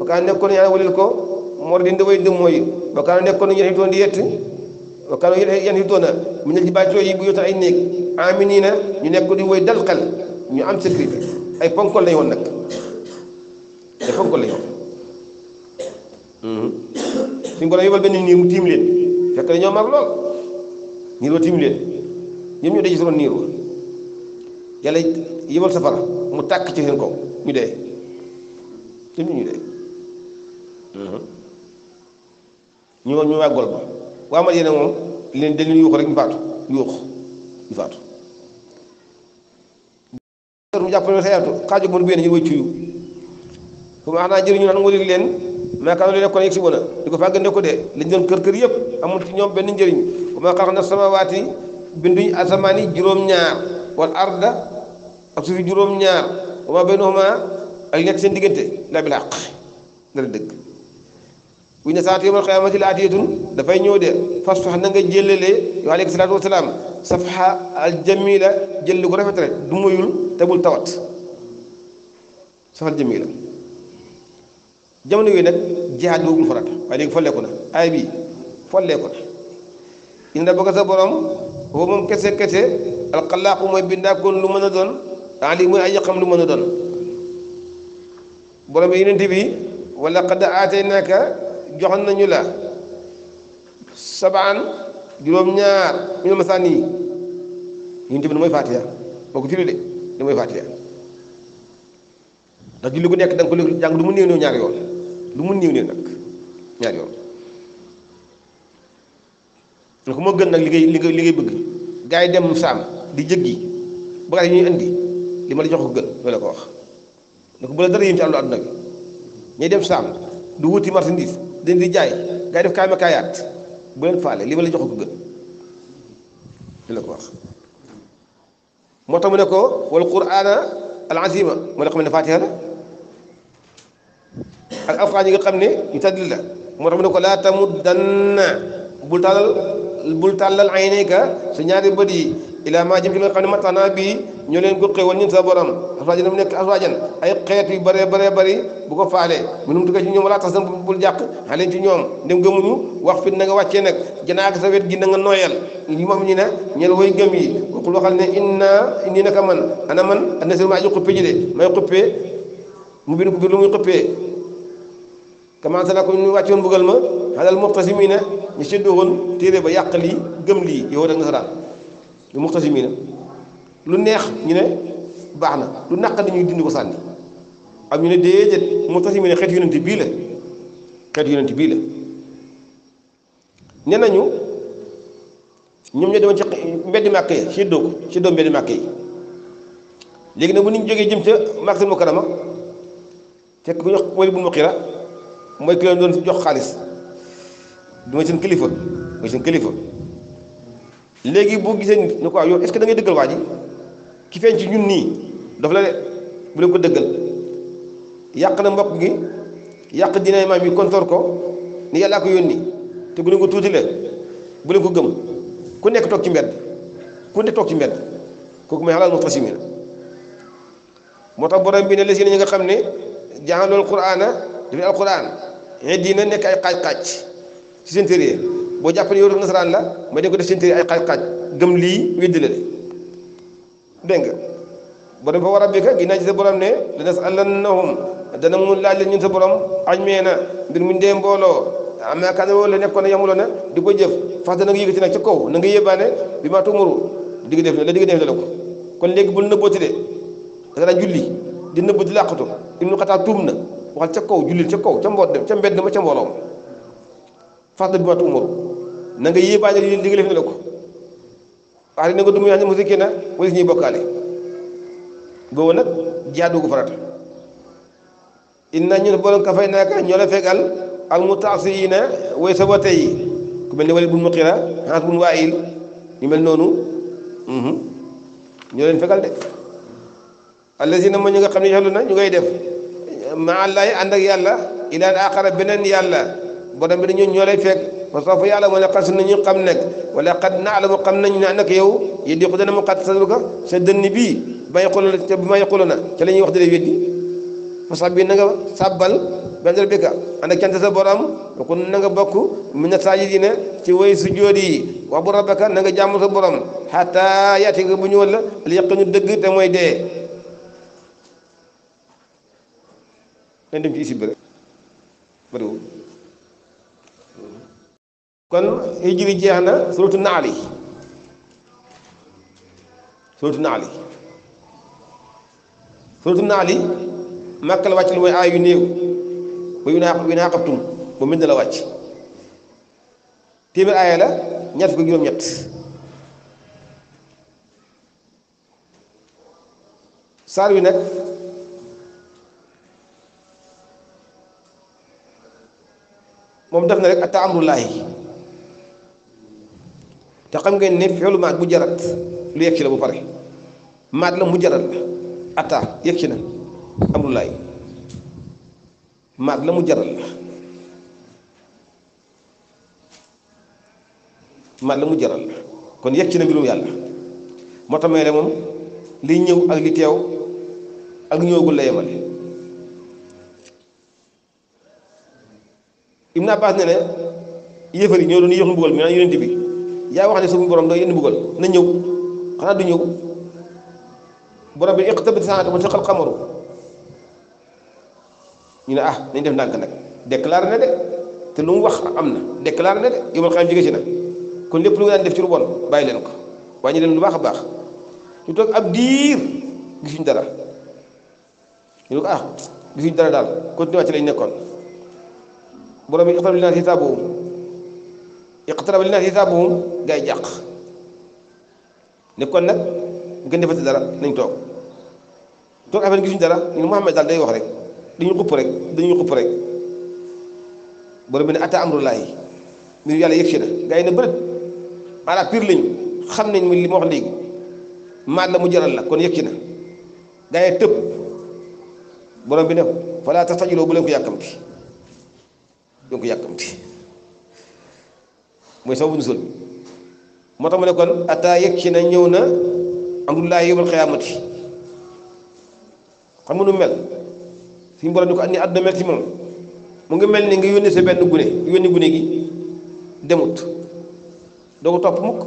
ba nekkoon yàlla walil ko moo di ndaway dëm mooy ba kaa nekkoon yéen fi doon di yett ba kaa yéen fi doon a mu nekk ci bàjjoo yi bu yóota ay néeg aminiina ñu nekk di woy dal ñu am ay ponkol lañu woon nag ay ponkol lañu woon hmm. suñu borom yebal benn niir mu tiim leen fekk dañoo mar lool niir wa tiim leen ñoom ñu dee ci suron niir wa yàlla yebal safara mu tàkk ci seen kaw ñu dee ñoom ñu dee mhm. ñu moom ñu wàggol ba waa ma yéene moom leen dañ leen yuuxu rek ñu mu jàppale sa yaatu xaajo bon bi yéen ñu yu fu ma xanaa jëriñu naan wëri leen maa kaana li nekkoon yaksibuuna di ko fàggandeku de liñ doon kër kër yëpp amul ci ñoom benn njëriñ wa maa xalaqnaa samaawaati binduñ asamaan yi juróom-ñaar wal arda ak suufi juróom-ñaar wa maa baynahumaa ak nekk seen diggante la bil haqq na la dëgg bu ñu ne saati yawmal qiyaamati laatiyatun dafay ñëw de fasfax na nga jëllalee yow aleyhi salaatu wa salaam safha al jamila jëlli ko rafet rek du muyul te bul tawat safal jamila jamono yooyu nag jihaad doogul farata waaye léegi folleeku na aay bii folleeku na inda bëgg sa borom foofu moom kese kese alxalaaqu mooy bindaakoon lu mën a doon ali mooy aji xam lu mën a doon borom yonent bi wala qad aataynaaka joxoon nañu la sabaan juróom-ñaar ñu ne masaan yi yonent bi nu mooy Faatiha boo ko firi de nu mooy Faatiha ndax julli gu nekk da jàng du mu néew néew ñaari yoon. lu mu néew néew nag ñaari yoon ne moo gën nag li ngay li ngay bëgg gars yi dem saam di jëggi bagaas yi ñuy indi li ma la jox ko gën loolu ñuy dem saam du wuti marchandise dañ di jaay gars ma li ma la jox ko gën loolu la ko wax moo tax mu ne ko wal quraana al azima moo ne xam ne fatiha ak alxuraan yi nga xam ne yu tadli la moo tax mu ne ko laa tamuddanna bul tàllal bul tàllal aynayka sa ñaari bët yi ilaa maa jëm ci li nga xam ne matana bii ñoo leen goxee woon sa borom aswaajan dafa nekk aswaajan ay xeet yu bëree bëree bëri bu ko faalee mënum tukkee ci ñoom wala tas na bul jàq xaleen ñoom ndem gëmuñu wax na nga wàccee nag janaag sa wet gi na nga nooyal li moom ñu ne ñel woy gëm ne inna indi naka man ana man ana seen maa ji xuppe ji de may xuppee mu bind ko lu muy xuppee كمان تلاقون نوع تون بقول ما هذا المقتسمين يشدون تيري بياقلي جملي يهود النصارى المقتسمين لنيخ ينه بعنا لنقد نيجي دين قصاني أم ينه ديج المقتسمين خد ينه تبيلة خد ينه تبيلة نحن نيو نيو نيو دمجك بدي ماكي شدوك شدو بدي ماكي لكن نبني نجيجي جمته ماكسي مكرمه تكبر ويبون مكيره mooy ki leen jox xaalis du mooy seen kilifa mooy seen kilifa léegi boo gisee nit ne ko yow est-ce dëggal waa ji ki feeñ ci ñun nii daf la de bu leen ko dëggal yàq na mbokk gi yàq dina maam yi kontoor ko ni yàllaa ko yónni te bu leen ko tuuti leen bu leen ko gëm ku nekk toog ci mbedd ku nekk toog ci mbedd kooku may xalaat muxtasimiina moo tax borom bi ne la si ñi nga xam ne jaaxalool quraana dafay alquran na nekk ay xaaj-xaaj ci seen téere boo jàpp ne yow nasaraan la ma dañ ko def seen téere ay xaaj-xaaj gëm lii weddi la dégg nga borom fa war a béykat ginnaaw ci sa borom ne lanas'alannahum dana mu laaj leen ñun sa borom ajmee na mbir mu ñu dee mbooloo am woo kaan wala nekkoon ne yamuloo na di ko jëf fas da nga yëkkati nag ca kaw na nga yébaane bi maa tuumaru digg def la digg def la ko kon léegi bul nëbbooti de dana julli di nëbb di làqatu na waxal ca kaw jullil ca kaw ca mboot ca mbedd ma ca mbooloo ma fasda bi ma tuumaru na nga yéebaale li li nga def ne la ko wax dëgg na nga dum yaa ne musiki na nag jaadu gu farata kafay naaka ñoo la fegal al mutaasiyina way sabate yi ku mel ne Walid bun Muqira Anas bun Waayil ñu mel noonu mhm. ñoo leen fegal de allazina ma ñu nga xam ne yàlla na ñu ngay def. maallaay ànd ak yàlla ilaal aaxara beneen yàlla borom bi dañu ñoo lay fekk fa soo fa yàlla wala xas nañu xam nekk wala xat na alamu xam nañu ne nag yow yéen di ko dana mu xat saluka sa dënn bii ba yaqulu na ca ba sa borom kon na nga bokk mu ne saajidiina ci way su jóodi yi wax bu rabbaka na nga jàmm sa borom xataa yaati nga bu ñu wala al yaqinu dëgg te mooy dee. nañ dem ci isib bi rek bëriwul kon hijri jeex na suratu naal yi suratu naal yi suratu naal yi màkk la wàcc lu mooy aay yu néew ba yu naa yu naa xabtum ba mbind la wàcc téeméer aaya la ñett fukk juróom-ñett saar wi nag moom def na rek ata amrullaahi te xam ngeen ne feelu maat bu jarat lu yegg la bu pare maat la mu jarat la ata yegg si na amrullaahi maat la mu jarat la mu jaral la kon yegg si na mbirum yàlla moo tax may la moom ñëw ak li teew ak ñëwagul la yemale Ibn Abbas ne ne yéefar yi ñoo doon yéex mbugal mi naan yonent yaa wax ne suñu borom da yenn mbugal na ñëw xanaa du ñëw borom bi iqtabit saa'atu wa shaqqa al-qamaru ñu ne ah nañ def ndànk nag déclaré na de te lu mu wax am na déclaré na de yow xam jege si na kon lépp lu nga daan def ci lu bon bàyyi leen ko wàññi leen lu baax a baax ñu toog ab diir gisuñ dara ñu ne ko ah gisuñ dara daal continué ci lañ nekkoon. بروم يقترب لنا حسابهم يقترب لنا حسابهم جاي جاق نكون نك ممكن نفتح دارا نينتو دون أفن كيفين دارا نيو محمد دار ديو خرج دنيو كبرك دنيو كبرك بروم من أتى أمر الله من يلا يكشنا جاي نبرد على بيرلين خمن من اللي مغلق ما لا مجرى الله كون يكشنا جاي تب بروم بنا فلا تستجلوا بلوك يا كمبي du nga ko yàkkamti mooy sababu nuzul bi moo tax mu ne ataa yëg ci na ñëw na amdullahi yowmal xiyaamati xam nga nu mel suñu borom ni ko ni àdduna mel ci moom mu ngi mel ni nga yónni sa benn gune yónni gune gi demut doo ko topp mukk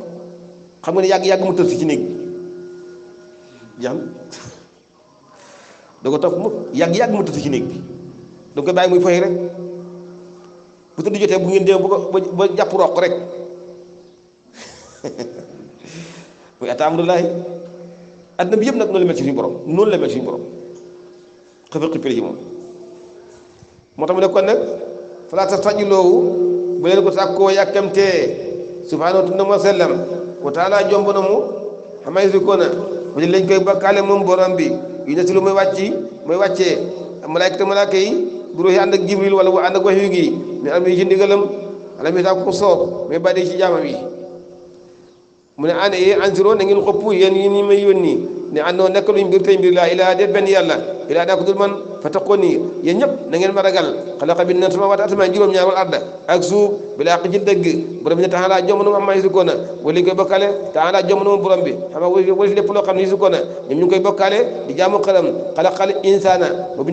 xam nga ne yàgg-yàgg mu tëdd ci néeg bi jeex na doo ko topp mukk yàgg-yàgg mu tëdd ci néeg bi doo ko bàyyi muy foy rek bu tëdd jotee bu ngeen dee ba ba jàpp roq rek (laughs) muy atamrulaay àddina bi yëpp nag noonu la mel ci suñu borom noonu la mel ci suñu borom xëfër xëppale ci moom moo tax mu ne kon nag falaa tastajiluuhu bu leen ko sàkkoo yàkkamtee subhaanahu tunda ma sellam wa taala jomb na mu xamay si ko na ba lañ koy bakkaale moom borom bi yu ne si lu muy wàcci muy wàccee malaayka te malaaka yi bu yi ànd ak jibril wala bu ànd ak waxyu gi mi am ci ndigalam wala mi tàkk ko soob mais bàyyi ci jaamam yi mu ne an e ansiro na ngeen xopp yéen yi ni may yónni ne àndoo nekk luñ mbir tey mbir laa ilaa de benn yàlla ilaa daa ko dul fa taqoni yéen ñëpp na ngeen ma ragal xalaqa bi na sama waat asamaan juróom-ñaar wal arda ak suuf bilaa xi ci dëgg borom bi ne taxalaa jomb na mu am maa yusrikoona wala koy bokkaale taxalaa jomb na mu borom bi xam nga wala lépp loo xam ne yusrikoona ñoom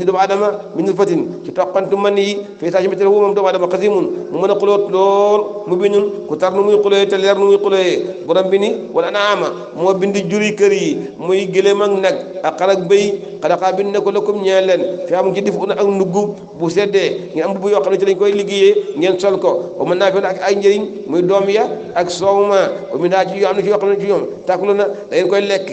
doomu adama mi ñu fatin ci toqantu man yi fii saa si météo doomu adama xasimun mu mën a xulóot mu bi ku tar nu muy xulóoyee te nu muy xulóoyee borom bi ni wala moo bind juri kër yi fiham giddifun ak ndugg bu seddee ngeen am bu yoo xam ne ci koy liggéeyee ngeen sol ko wa mën naa fi ak ay njëriñ muy doom ya ak soow ma a mi naa ci am na ci yoo xam ne ci ñoom na koy lekk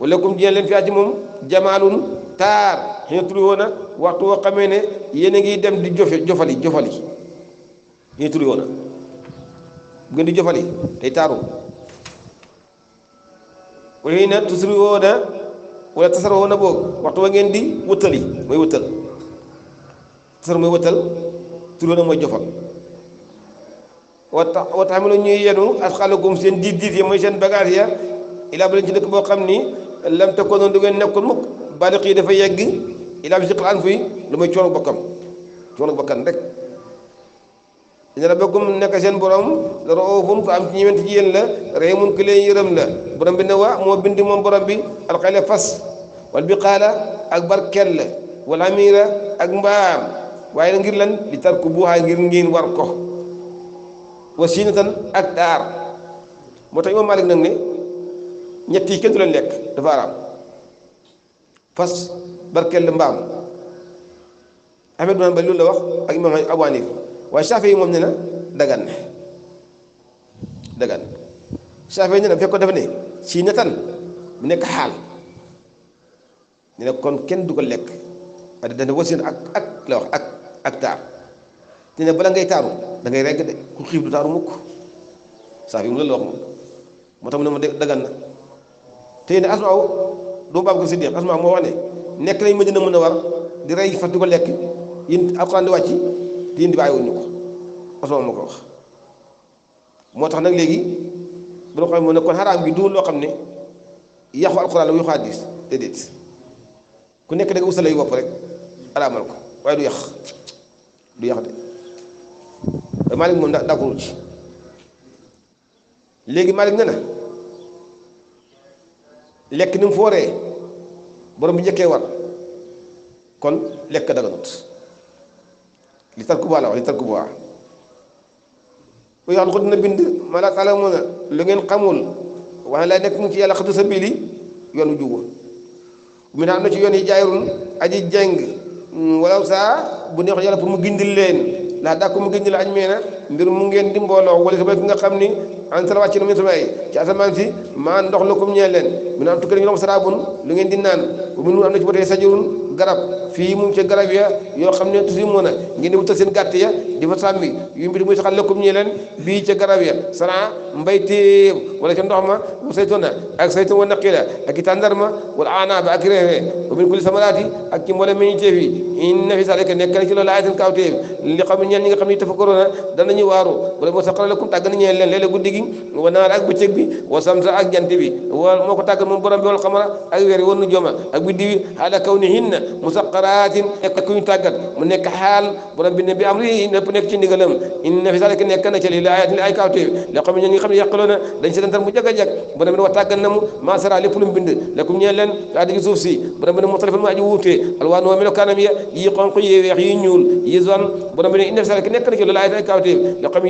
wala kum dinañ leen moom jamaalun taar xëy na turu woon waxtu woo xamee ne yéen a ngi dem di jofe jofali jofali xëy na turu bu ngeen di jofali tey taaru xëy na tusri wala tasaroo na boog waxtu wa ngeen di wëttal mooy wëttal tasar mooy wëttal turóo mooy jofal wa tax wa tax mi ñuy yenu asxalakum seen diit diit ya mooy seen bagage ya ilaa ba leen ci dëkk boo xam ni lam takoonoon du ngeen nekkoon mukk baliq yi dafa yegg ilaa bi siqal an fii lu may coono bokkam coono bokkan rek inna rabbakum nekk seen borom la raufun ko am ci ñëwante ci yéen la rahimun ku leen yërëm la borom bi ne wa moo bind moom borom bi alxayla fas wal biqaala ak barkel wal amira ak mbaam waaye la ngir lan li tarku buuxaa ngir ngeen war ko wa siinatan ak daar moo tax imam Malik nag ne ñett kenn du leen dafa araam fas barkel mbaam Ahmed Mouhamed Ba loolu la wax ak imam Abu Hanifa waaye saafe yi moom ne na dagan na dagan saafe yi ne na bu fekkoon dafa ne si natan mu nekk xaal ne na kon kenn du ko lekk parce dana wasin ak ak la wax ak ak taar te ne bala ngay taaru da ngay regg de ku xiif du taaru mukk saafe yi mu loolu la wax moom moo na mu ne ma dagan na te ne asmaaw doo baab ko siddiq asmaaw moo wax ne nekk nañ ma dina mën war di rey fas ko lekk yéen alxuraan di wàcc te yéen di bàyyi wuñu ko Usmaan moo ko wax moo tax nag léegi bu ñu xoolee moom ne kon xaraam gi du loo xam ne yàqu alxuraan la bu yàqu hadiis déedéet ku nekk da nga usal yu bopp rek alaamal ko waaye du yàq du yàq de Maalik moom d'accord ci léegi Maalik nee na lekk ni mu fooree borom bi njëkkee war kon lekk daganut li tarkubuha la wax li tarkubuha yàlla ko dina bind mala taalamuna lu ngeen xamul wax lay bili, mu ci yàlla xatu sabili yoon na ci yoon yi aji jeng walaw sa, bu neex yàlla pour mu gindil leen ndax daa ko mu gindil añ meena mbir mu ngeen di wala ki nga xam ni an sala wàcc na mu samay ci asamaan si maa ndox la comme ñeel leen mu tukki ñu lom sarabun lu ngeen di naan bu mu na ci ba sajurun garab fii mu ngi ca garab ya yoo xam ne tuuti mu ne ngeen di seen gàtt ya di fa sàmmi yu mbir muy saxal lekkum ñi len bi ci garab ya sana mbayte wala ci ndox ma mu saytuna ak saytu wa naqila ak i tàndarma wala anaaba ak réefe wa min kulli samalati ak ci mi meññteef yi inna fi zalika nekkal ci loolu ayatul kaawteef li xam ñen nga xam ni ne tafakkaroona danañu waru wala mu saxal lekkum tag na ñeen leen leeg guddi gi wa nar ak bëccëg bi wa samsa ak jant bi wa moko tag mu borom bi wal xamara ak wer yi wonu joma ak biddi wi ala kawnihin musaqaratin ak ku ñu tàggat mu nekk hal borom bi ne bi amri ne نيك سي نيغلم ان في ذلك نيك نتي لي الايات لي ايكاوت لي خم ني خم يقلون دا نسي دار مو جاغا جاك بون من واتاك نمو ما سرا لي فلم بند لكم ني لن قاعد في سوفسي بون من مختلف ما جي ووتي الوان ومل كانم يي يقنق يي ويخ يي نيول يي إيه زون بون من ان في ذلك نيك نتي لي الايات ايكاوت لي خم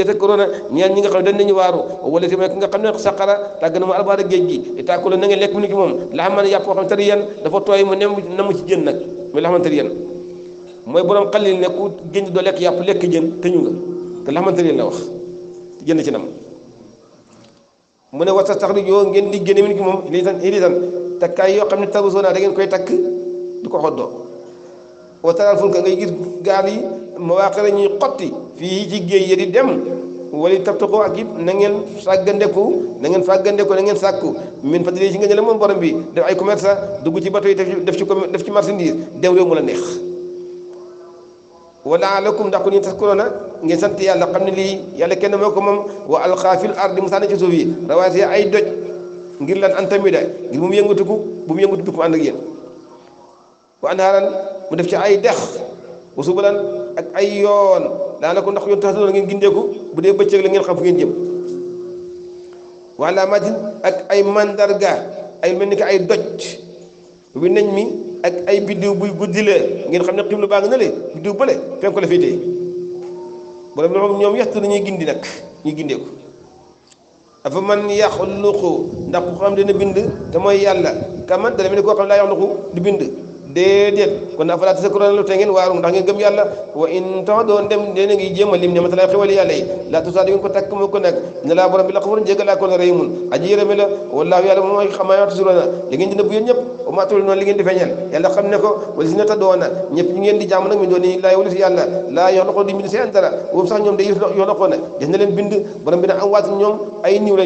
يتذكرون ني ني خم دني ني وارو ولا في ما كنغا خم نيك سقرا تاغ نمو البار جيجي تاكلو نغي ليك مني موم لا خم ياب خم تريان دا فو توي مو نمو نمو سي جين نك ملي خم تريان mooy borom xalil ne ku génn doo lekk yàpp lekk jën tëñu nga te la xamante ne la wax jënd ci nam mu ne wasa tax yoo ngeen di génne min ki moom lii tan lii tan takkaay yoo xam ne taru soo naa da ngeen koy takk du ko xoddoo wataral fulka ngay gis gaal yi mawaaqira ñuy xotti fii ci géej yi di dem wala tabta ak it na ngeen sàggandeku na ngeen fàggandeku na ngeen sàkku min fadli ci nga ñële moom borom bi def ay commerce dugg ci bato def ci def ci marchandise dem réew mu la neex wala lakum ndax ku ñu taskuroona ngeen sant yàlla xam ne lii yàlla kenn moo ko moom wa alqaa fil ardi mu sànni ci suuf yi ay doj ngir lan an tamida ngir bu mu yëngatuku bu mu yëngatuku mu ànd ak yéen wa mu def ci ay dex wa subulan ak ay ndax yoon taxtadoona ngeen bu la ngeen xam fu ngeen jëm wa alaamaatin ak ay mel ni kay ay doj bu nañ mi ak ay biddiw buy guddi la ngeen xam ne xiblu baa nga na le biddiw bële fenk la féetee borom la ñoom yaxtu nañuy gindi nag ñuy gindeeku afa man yaxluqu ndax ku xam dina bind te mooy yàlla ka man dana mel ni koo xam ne laa yaxluqu du bind déedéet kon nag falaa tazakkuruuna te ngeen waaru ndax ngeen gëm yàlla wa in tax doon dem deen ngi jéem a lim ne matalaa xewal yàlla yi laa la xafuran jégalaa la wallaahu yàlla moom mooy xamaa yaa tuzruuna li ngeen di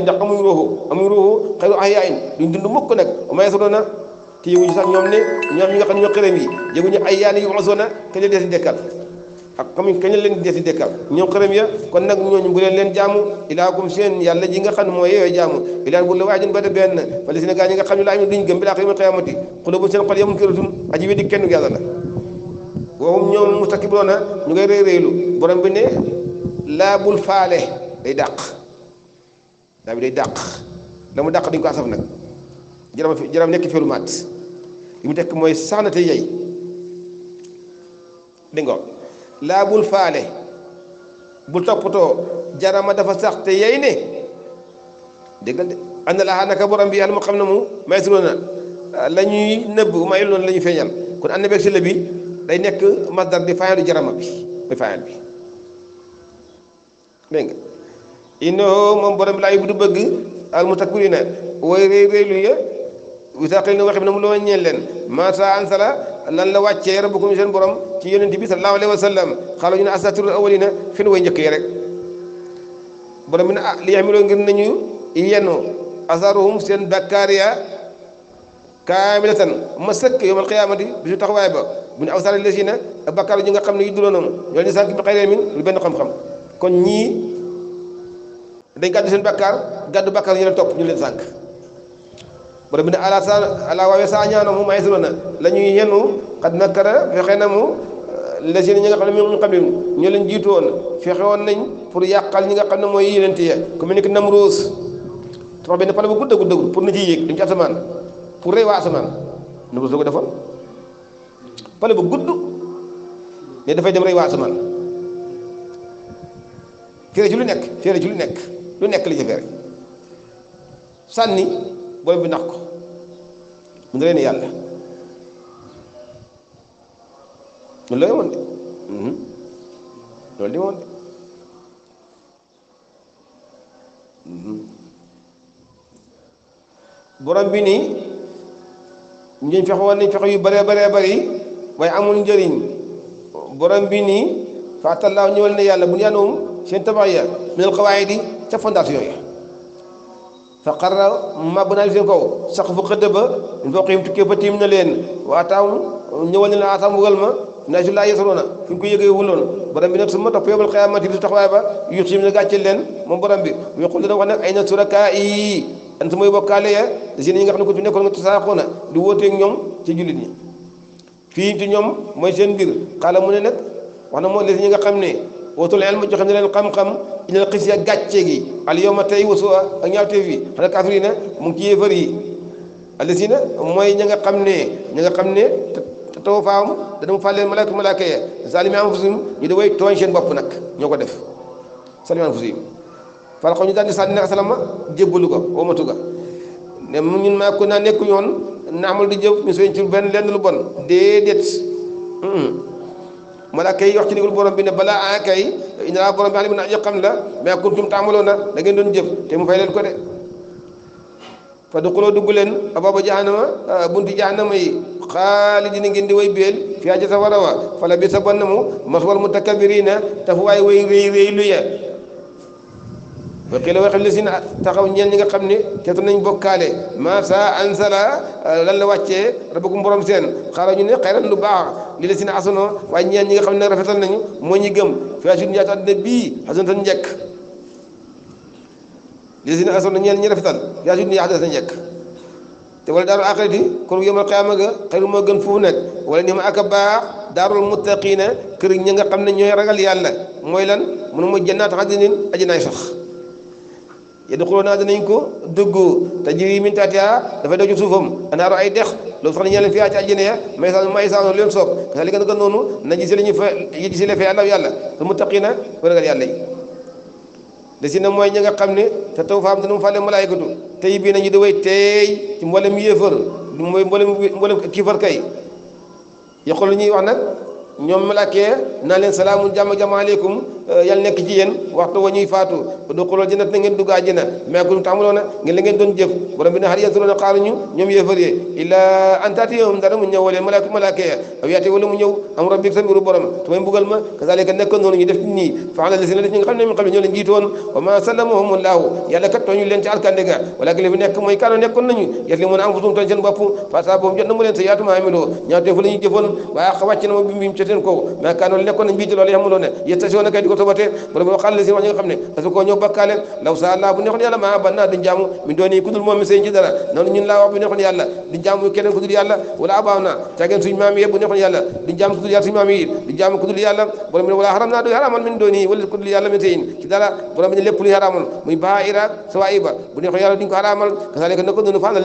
ndax amuñ ruuxu amuñ ruuxu xayru ahyaain duñ dund mukk nag wa maa yas'uruun te yëguñu sax ñoom ne ñoom ñi nga xam ne ñoo xërëm yi yëguñu ay yaani yu masona kañ la dee si dekkal ak comme kañ la leen dee si dekkal ñoom xërëm ya kon nag ñooñu bu leen leen jaamu ilaakum seen yàlla ji nga xam ne mooy yooyu jaamu ilaan bu la waajin ba de benn fa li Sénégal ñi nga xam ne laa ñu duñ gëm bi laa xëy xiyamati xulubu seen xol yamun kiratun aji weddi kenn yàlla la woowum ñoom mustakibiroona ñu ngay réy réylu borom bi ne laa bul faale day dàq daa bi day dàq la mu dàq duñ ko asaf nag jaram jaram nekk feru maat li mu tekk mooy saxna te yey dégg nga laa bul faale bul toppatoo jarama dafa sax te yey ne déggal de ànd laa naka borom bi yàlla mu xam ne mu maytuloon na la ñuy nëbb mayuloon la ñuy feeñal kon ànd beeg si la bi day nekk masdar di faayalu jarama bi muy faayal bi dégg nga innahu moom borom bi laa yu bu du bëgg al mutakbirina way réy réylu ya wisaaqil na waxe bi na mu la ñeel leen masa ansala lan la wàccee rabbukum seen borom ci yonent bi sallallahu alayhi wa sallam xaalu ñu ne asatirul awalina fin way njëkk yi rek borom bi ne ah li yaxmiloo ngir nañu yenu asaruhum seen bakkaariya ma sëkk yawmal qiyaamati bisu taxawaay ba bu ñu awsaari lesi na bakkaar ñu nga xam ne yu duloo noonu ñoo leen benn xam kon ñii dañ gàddu seen bakkaar gàddu bakkaar ñu leen topp leen sànq borom bi ne ala sa ala waawe sa ñaanomu may sirona la ñuy yenu xad nakara fexe na mu euh, lesi ni ñi xam ne mi ñu xam lim ñoo leen jiitu woon fexe woon nañ pour ñi nga xam ne mooy ya ku mel ni benn pale bu gudda gudda pour na ciy yéeg dem ci asamaan pour rey waa gudd ne dafay dem rey waa asamaan fere ci lu nekk lu nekk lu nekk li ci fere sànni booy bi nax ko mu ngi leen yàlla loolu lay woon de loolu di woon de borom bi nii ñu fexe woon ni fexe yu bëree bëree bëri waaye amul njëriñ borom bi nii faatallaaw ñëwal ne yàlla bu yàlla moom seen tabax ya minal qawaayid di ca fondaat yooyu fa xarra mab naa seen kaw sax fu xëdd ba min fawqihim tukkee ba tiim na leen waa taam ñëwal ne la atam wugal ma na su laa yësaroona fi ñu ko yëgee wuloon borom bi nag su ma topp yowmal qiyaamati bi su leen moom borom bi yaqul dana wax nag na surakaa yi su may bokkaale ya seen yi nga xam ne ko fi nekkoon nga tasaaxoona di wóoteeg ñoom ci jullit fii ci ñoom mooy seen biir xaala mu ne nag wax na moo les ñi nga xam ne wootul ilma joxe ne leen xam-xam inal xis ya gàcce gi al yawma tey wasoo ak ñaawteef yi xanaa kaafir yi ne mu ngi ci allasina mooy ña nga xam ne ña xam ne te taw faam dana mu fàlleen malaaka malaaka ya zalimi anfusihim ñu di way seen bopp nag ñoo ko def zalimi anfusihim fal xaw ñu daal di sànni naka salama jébbalu ko womatu ga ne ñun maa ko naa nekku ñoon naamal di jëf ci benn lenn bon déedéet malaaka yi wax ci borom bi ne balaa akay inna borom bi alimun na xam la maa kuntum taamaloona da ngeen doon jëf te mu fay leen ko de fa du xuloo dugg leen abaaba jahannama ah, bunti jahannama yi xaalidina ngeen di way béel fiyaa ca safara wa fala bi sa bann mu maswal mutakabirina tafuwaay way réy réy lu ya wa qila waxel li sin taxaw ñeen ñi nga xam ne teetu nañ bokkaale ma sa ansala ah, lan la wàccee rabbukum borom seen xaaral ñu ne xayran lu baax li la sin asano waaye ñeen ñi nga xam ne rafetal nañu moo ñi gëm fiyaa si dunyaa àddina bii xasan tan njëkk lésina ason na ñeen ñi rafetal yaa sut ni yaa sa njëkk te wala daarul aaxirati kon yomal qiyaama ga xayru moo gën foofu nekk wala ni ma ak a baax daarul muttaqiina kër ñi nga xam ne ñooy ragal yàlla mooy lan mënu ma jannaat adnin aji naay sax yadxuluuna dinañ ko dugg tajri min tahtihaa dafay daw ci suufam anaaru ay dex loolu sax ne ñeen fiyaa ci àjjana ya may sa may sa lu leen soob kasaalika naka noonu nañ ci si la ñu fee àllaw yàlla su muttaqiina ragal yàlla yi da na mooy ñi nga xam ne te taw faam te nu mu fàlle malaayikatu tey bii nañu da way teey ci mboolem yéefar du mooy mboolem mboolem kay yaqul lu ñuy wax nag ñoom malaakee naa leen salaamun jàmm jàmm aleykum Euh, yàlla nekk ci yéen waxtu wa ñuy faatu duqulal jannat na ngeen dugg àjjana mais ku taamuloona ngeen la ngeen doon jëf borom bi ne xar yansuruuna xaaruñu ñoom yéefar yi illaa an taatiyahum mu nekk noonu ñu def wa ma sallamahum laahu yàlla kat tooñu leen ci alkande ga wala ki nekk mooy kaano nekkoon nañu yet li mën a am fusum tooñ seen bopp fasa boobu jot na mu leen sa yaatuma amiloo ñaaw teefu ko tobatee mu ne waxal la si wax ñi nga xam ne parce que koo ñëw bakkaale law sa allah bu neexoon yàlla maa ban naa duñ jaamu min doon yi ku dul moom mi seen ci dara noonu ñun laa wax bu neexoon yàlla duñ jaamu keneen ku dul yàlla wala abaaw naa cageen suñ maam yi bu neexoon wala haram naa duñ haramal min doon wala ku dul na ko doon faal la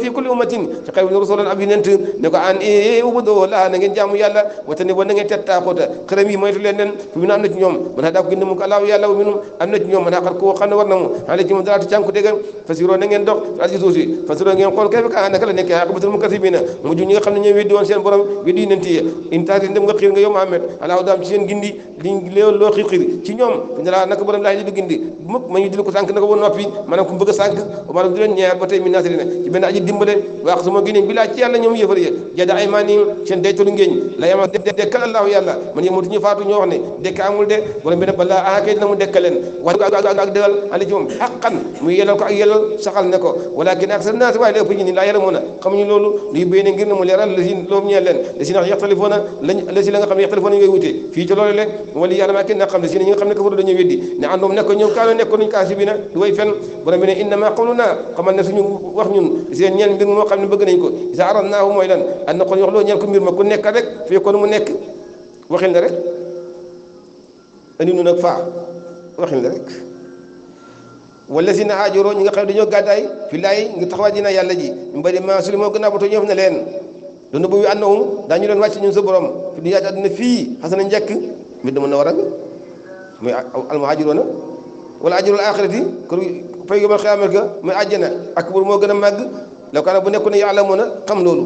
si umma ummatin ci xew ni rasulan ab yonent ne ko an e ubudoo laa na ngeen jaamu yàlla wata ni wa na ngeen tettaa xoota xërëm yi moytu leen leen fu mu ne am na ci ñoom man a daa ko gindi mu ko alaaw yàlla wa minum am na ci ñoom man a xar ko xam ne war na mu xan la ci moom dalaatu cànku dégg fasiroo na ngeen dox al ci suuf si fasiroo ngeen xool kay fekk naka la nekk aqibatul mukazzibina mujj ñi nga xam ne ñoom weddi woon seen borom weddi yonent yi in taati dem nga xiir nga yow Muhammad alaaw daam ci seen gindi liñ léewoon loo xiir xiir ci ñoom ne laa naka borom laay di du gindi mukk ma ñu dil ko sànk naka ba noppi maanaam ku bëgg a sànk maanaam di leen ñeer ba tey mi naasiri ne ci benn aji dimbale waqtumo ginin bila ci yalla ñoom yëfal ya jada ay manim seen daytul ngeen la yama dekkal allah yalla man yamut ñu faatu ñoo wax ne dekk amul de borom bi ne bala akay na mu dekkalen wa ak degal ali jom haqqan mu yelal ko ak yelal saxal ne ko walakin aksar nas way lepp ñi la yalla mo na xam ñu loolu luy beene ngir mu leral la sin loom ñeel leen la sin yaxtalifuna la sin la nga xam yaxtalifuna ngay wuté fi ci loolu le wali yalla ma ken na xam la sin ñi nga xam ne ko fa dañu weddi ne andom ne ko ñoom kaano nekko ñu kaasibina du way fen borom bi ne inna ma qawluna xamal ne suñu wax ñun seen ñeen mbir mo loo xam ne bëgg nañ ko isa aradnaahu mooy lan an na kon wax loo ñeel ko mbir ma ku nekk rek fii kon mu nekk waxil na rek andi nu nag faa waxil na rek wala si na aajuroo ñi nga xam ne dañoo gàddaay fi laay ngi taxawaa dina yàlla ji ñu mbari maasuli moo gën a botoo ñëf na leen dona bu yu annahum daañu leen wàcc ñun sa borom fi dunya ci àdduna fii xasana njëkk mbir da mën na war a bi muy almuhaajiroona wala ajrul axirati kon pay yomal xiyaama ga muy àjjana akbar moo gën a màgg law kaana bu nekkoon ya'lamuuna xam loolu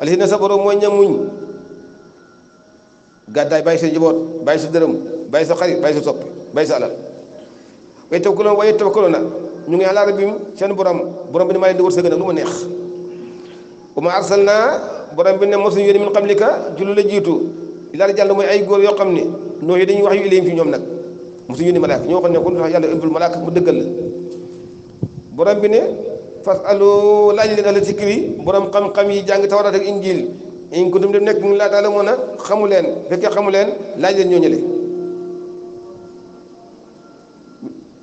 allaziina sabaru mooy ña muñ gàddaay bàyyi sa njaboot bàyyi sa dërëm bàyyi sa xarit bàyyi sa soppi bàyyi sa alal way tawakkaluuna way tawakkaluuna ñu ngi ala rabbihim seen borom borom bi ne maa leen di wërsëg nag neex wa maa arsalnaa borom bi ne mosuñu yónni min qablika ci lu la jiitu illaa rijaalan mooy ay góor yoo xam ne noo yi dañuy wax yu ilayhim ñoom nag mosuñu yónni malaaka ñoo xam ne kon yàlla ëbbul malaaka mu dëggal la borom bi ne fas alu laaj leen ala zikri borom xam-xam yi jàng tawraat ak xamu leen fekkee xamu leen laaj leen ñooñu le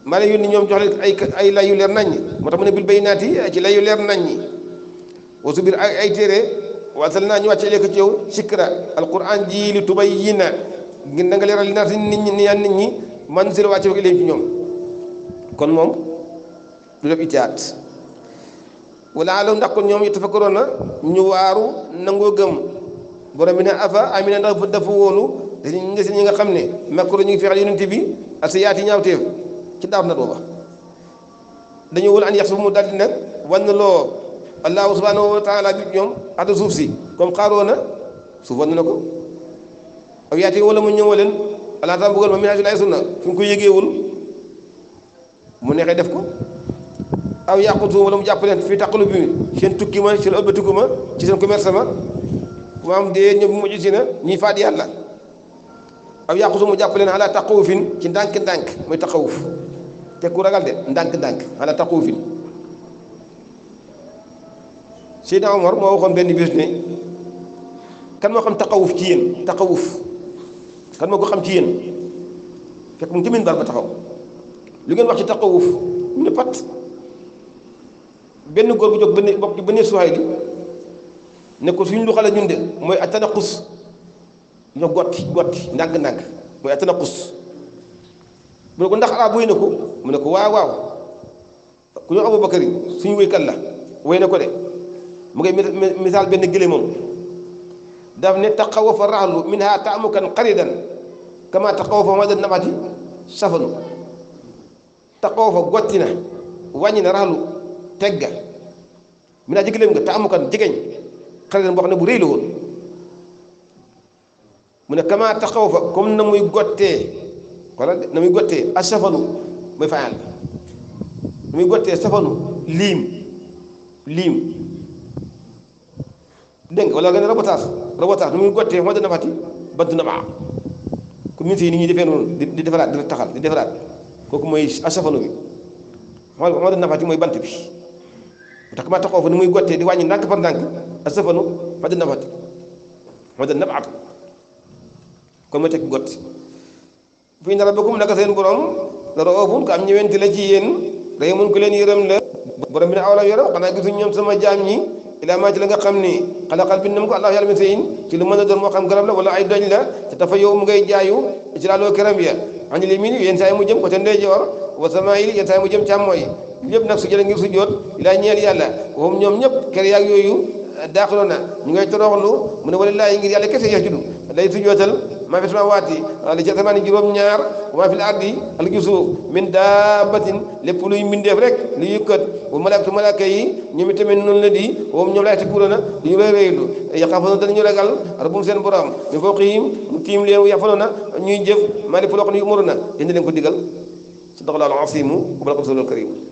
maa leen yónni ñoom leer naññi moo tax mu ne bil yu leer naññi wa subir ak ñu wàcce lekk ci yow sikra alquran ji li nga li nit ñi niyaan nit ñi man si la wàcce ko ilayhim kon moom du def itiyaat walaalaw ndax kon ñoom yatafakkaroon na ñu waaru nangoo gëm borom bi ne afa amina ndax dafa wóolu dañuy ngi seen ñi nga xam ne makkaru ñu ngi fexeel yonent bi ak sa yaati ñaawteef ci daaf na booba dañu wóolu an yax su mu daldi nag wan na loo allahu subhanahu wa taala bi ñoom adda suuf si comme xaaroo na suuf wan na ko ak yaati wala mu ñëwa leen allah taala bëggal ma minaa si laay sunna fi mu ko yëgeewul mu neexee def ko aw yàqut wala mu jàpp leen fii taqalu bi seen tukki ma seen ëlbatiku ma ci seen commerce ma ma am dee ñëpp mu mujj si na ñuy faat yàlla aw yàqutu mu jàpp leen ala taqawufin ci ndànk-ndànk mooy taqawuf te ku ragal de ndànk-ndànk ala taqawufin Seydina Omar moo waxoon benn bis ne kan moo xam taqawuf ci yéen taqawuf kan moo ko xam ci yéen fekk mu timin bar ba taxaw lu ngeen wax ci taqawuf mu ne pat benn góor bu jóg ba ne bopp ba ne suwaay gi ne ko suñu lu ñun de mooy atanaqus ñu gotti gotti ndànk-ndànk mooy atanaqus mu ne ko ndax arab wéy na ko mu ne ko waaw waaw ku ñu Abubakar yi suñu wéykat la wéy na ko de mu ngay misaal benn gële moom daf ne taxawafa raxlu minha taamukan qaridan kama taxawafa fa madan nabati safanu taxawafa gotti na wàññi na raxlu tegga mi naa jigéen nga te amu kan jigéen xale boo xam ne bu rëy la woon mu ne kama taxaw fa comme na muy gottee wala na muy gottee a safanu mooy fayaal na muy gottee safanu liim liim dégg nga wala nga ne rabotage rabotage na muy gottee moo dana fati bantu na maa comme nit yi ni ñuy defee noonu di defaraat di taxal di defaraat kooku mooy a safanu bi moo dana fati mooy bant bi tax ma taxoo fa ni muy gotte di wàññi ndànk par ndànk ak safanu fa di nafat ma da nabaatu kon mooy tekki gott fii na rabbakum naka seen borom la raoofun ko am ñëwenti la ci yéen day mun ko leen yërëm la borom bi ne awla yërëm xanaa gisuñ ñoom sama jaam ñi ilaa maa ci la nga xam ni xalaqal bind na mu ko àllahu yàlla min ci lu mën a doon moo xam garab la wala ay doñ la dafa yow mu ngay jaayu ci laaloo këram ya an li miin saa yi mu jëm côté ndeyjoor wa samaayil yéen saa yi mu jëm càmmooy ñëpp nag su jëlee ngir su jóot ilaa ñeel yàlla waxum ñoom ñëpp kër yaag yooyu eh, daaxiloo na ñu ngay toroxlu mu ne walillaahi ngir yàlla kese yeex judu lay su jootal maa fi samaawaati ah, li ci asamaan juróom ñaar wa maa fi ardi al suuf min daabatin lépp luy mbindeef rek lu yëkkat wa malaakatu malaaka yi ñoom itamit noonu la di moom ñoom laay tikkuura na ñu rëy rëylu a danañu ragal rabbum seen borom ñu foo xiim mu na ñuy jëf maa lépp loo xam ne yu umaru na yéen leen ko digal sadaqallaahu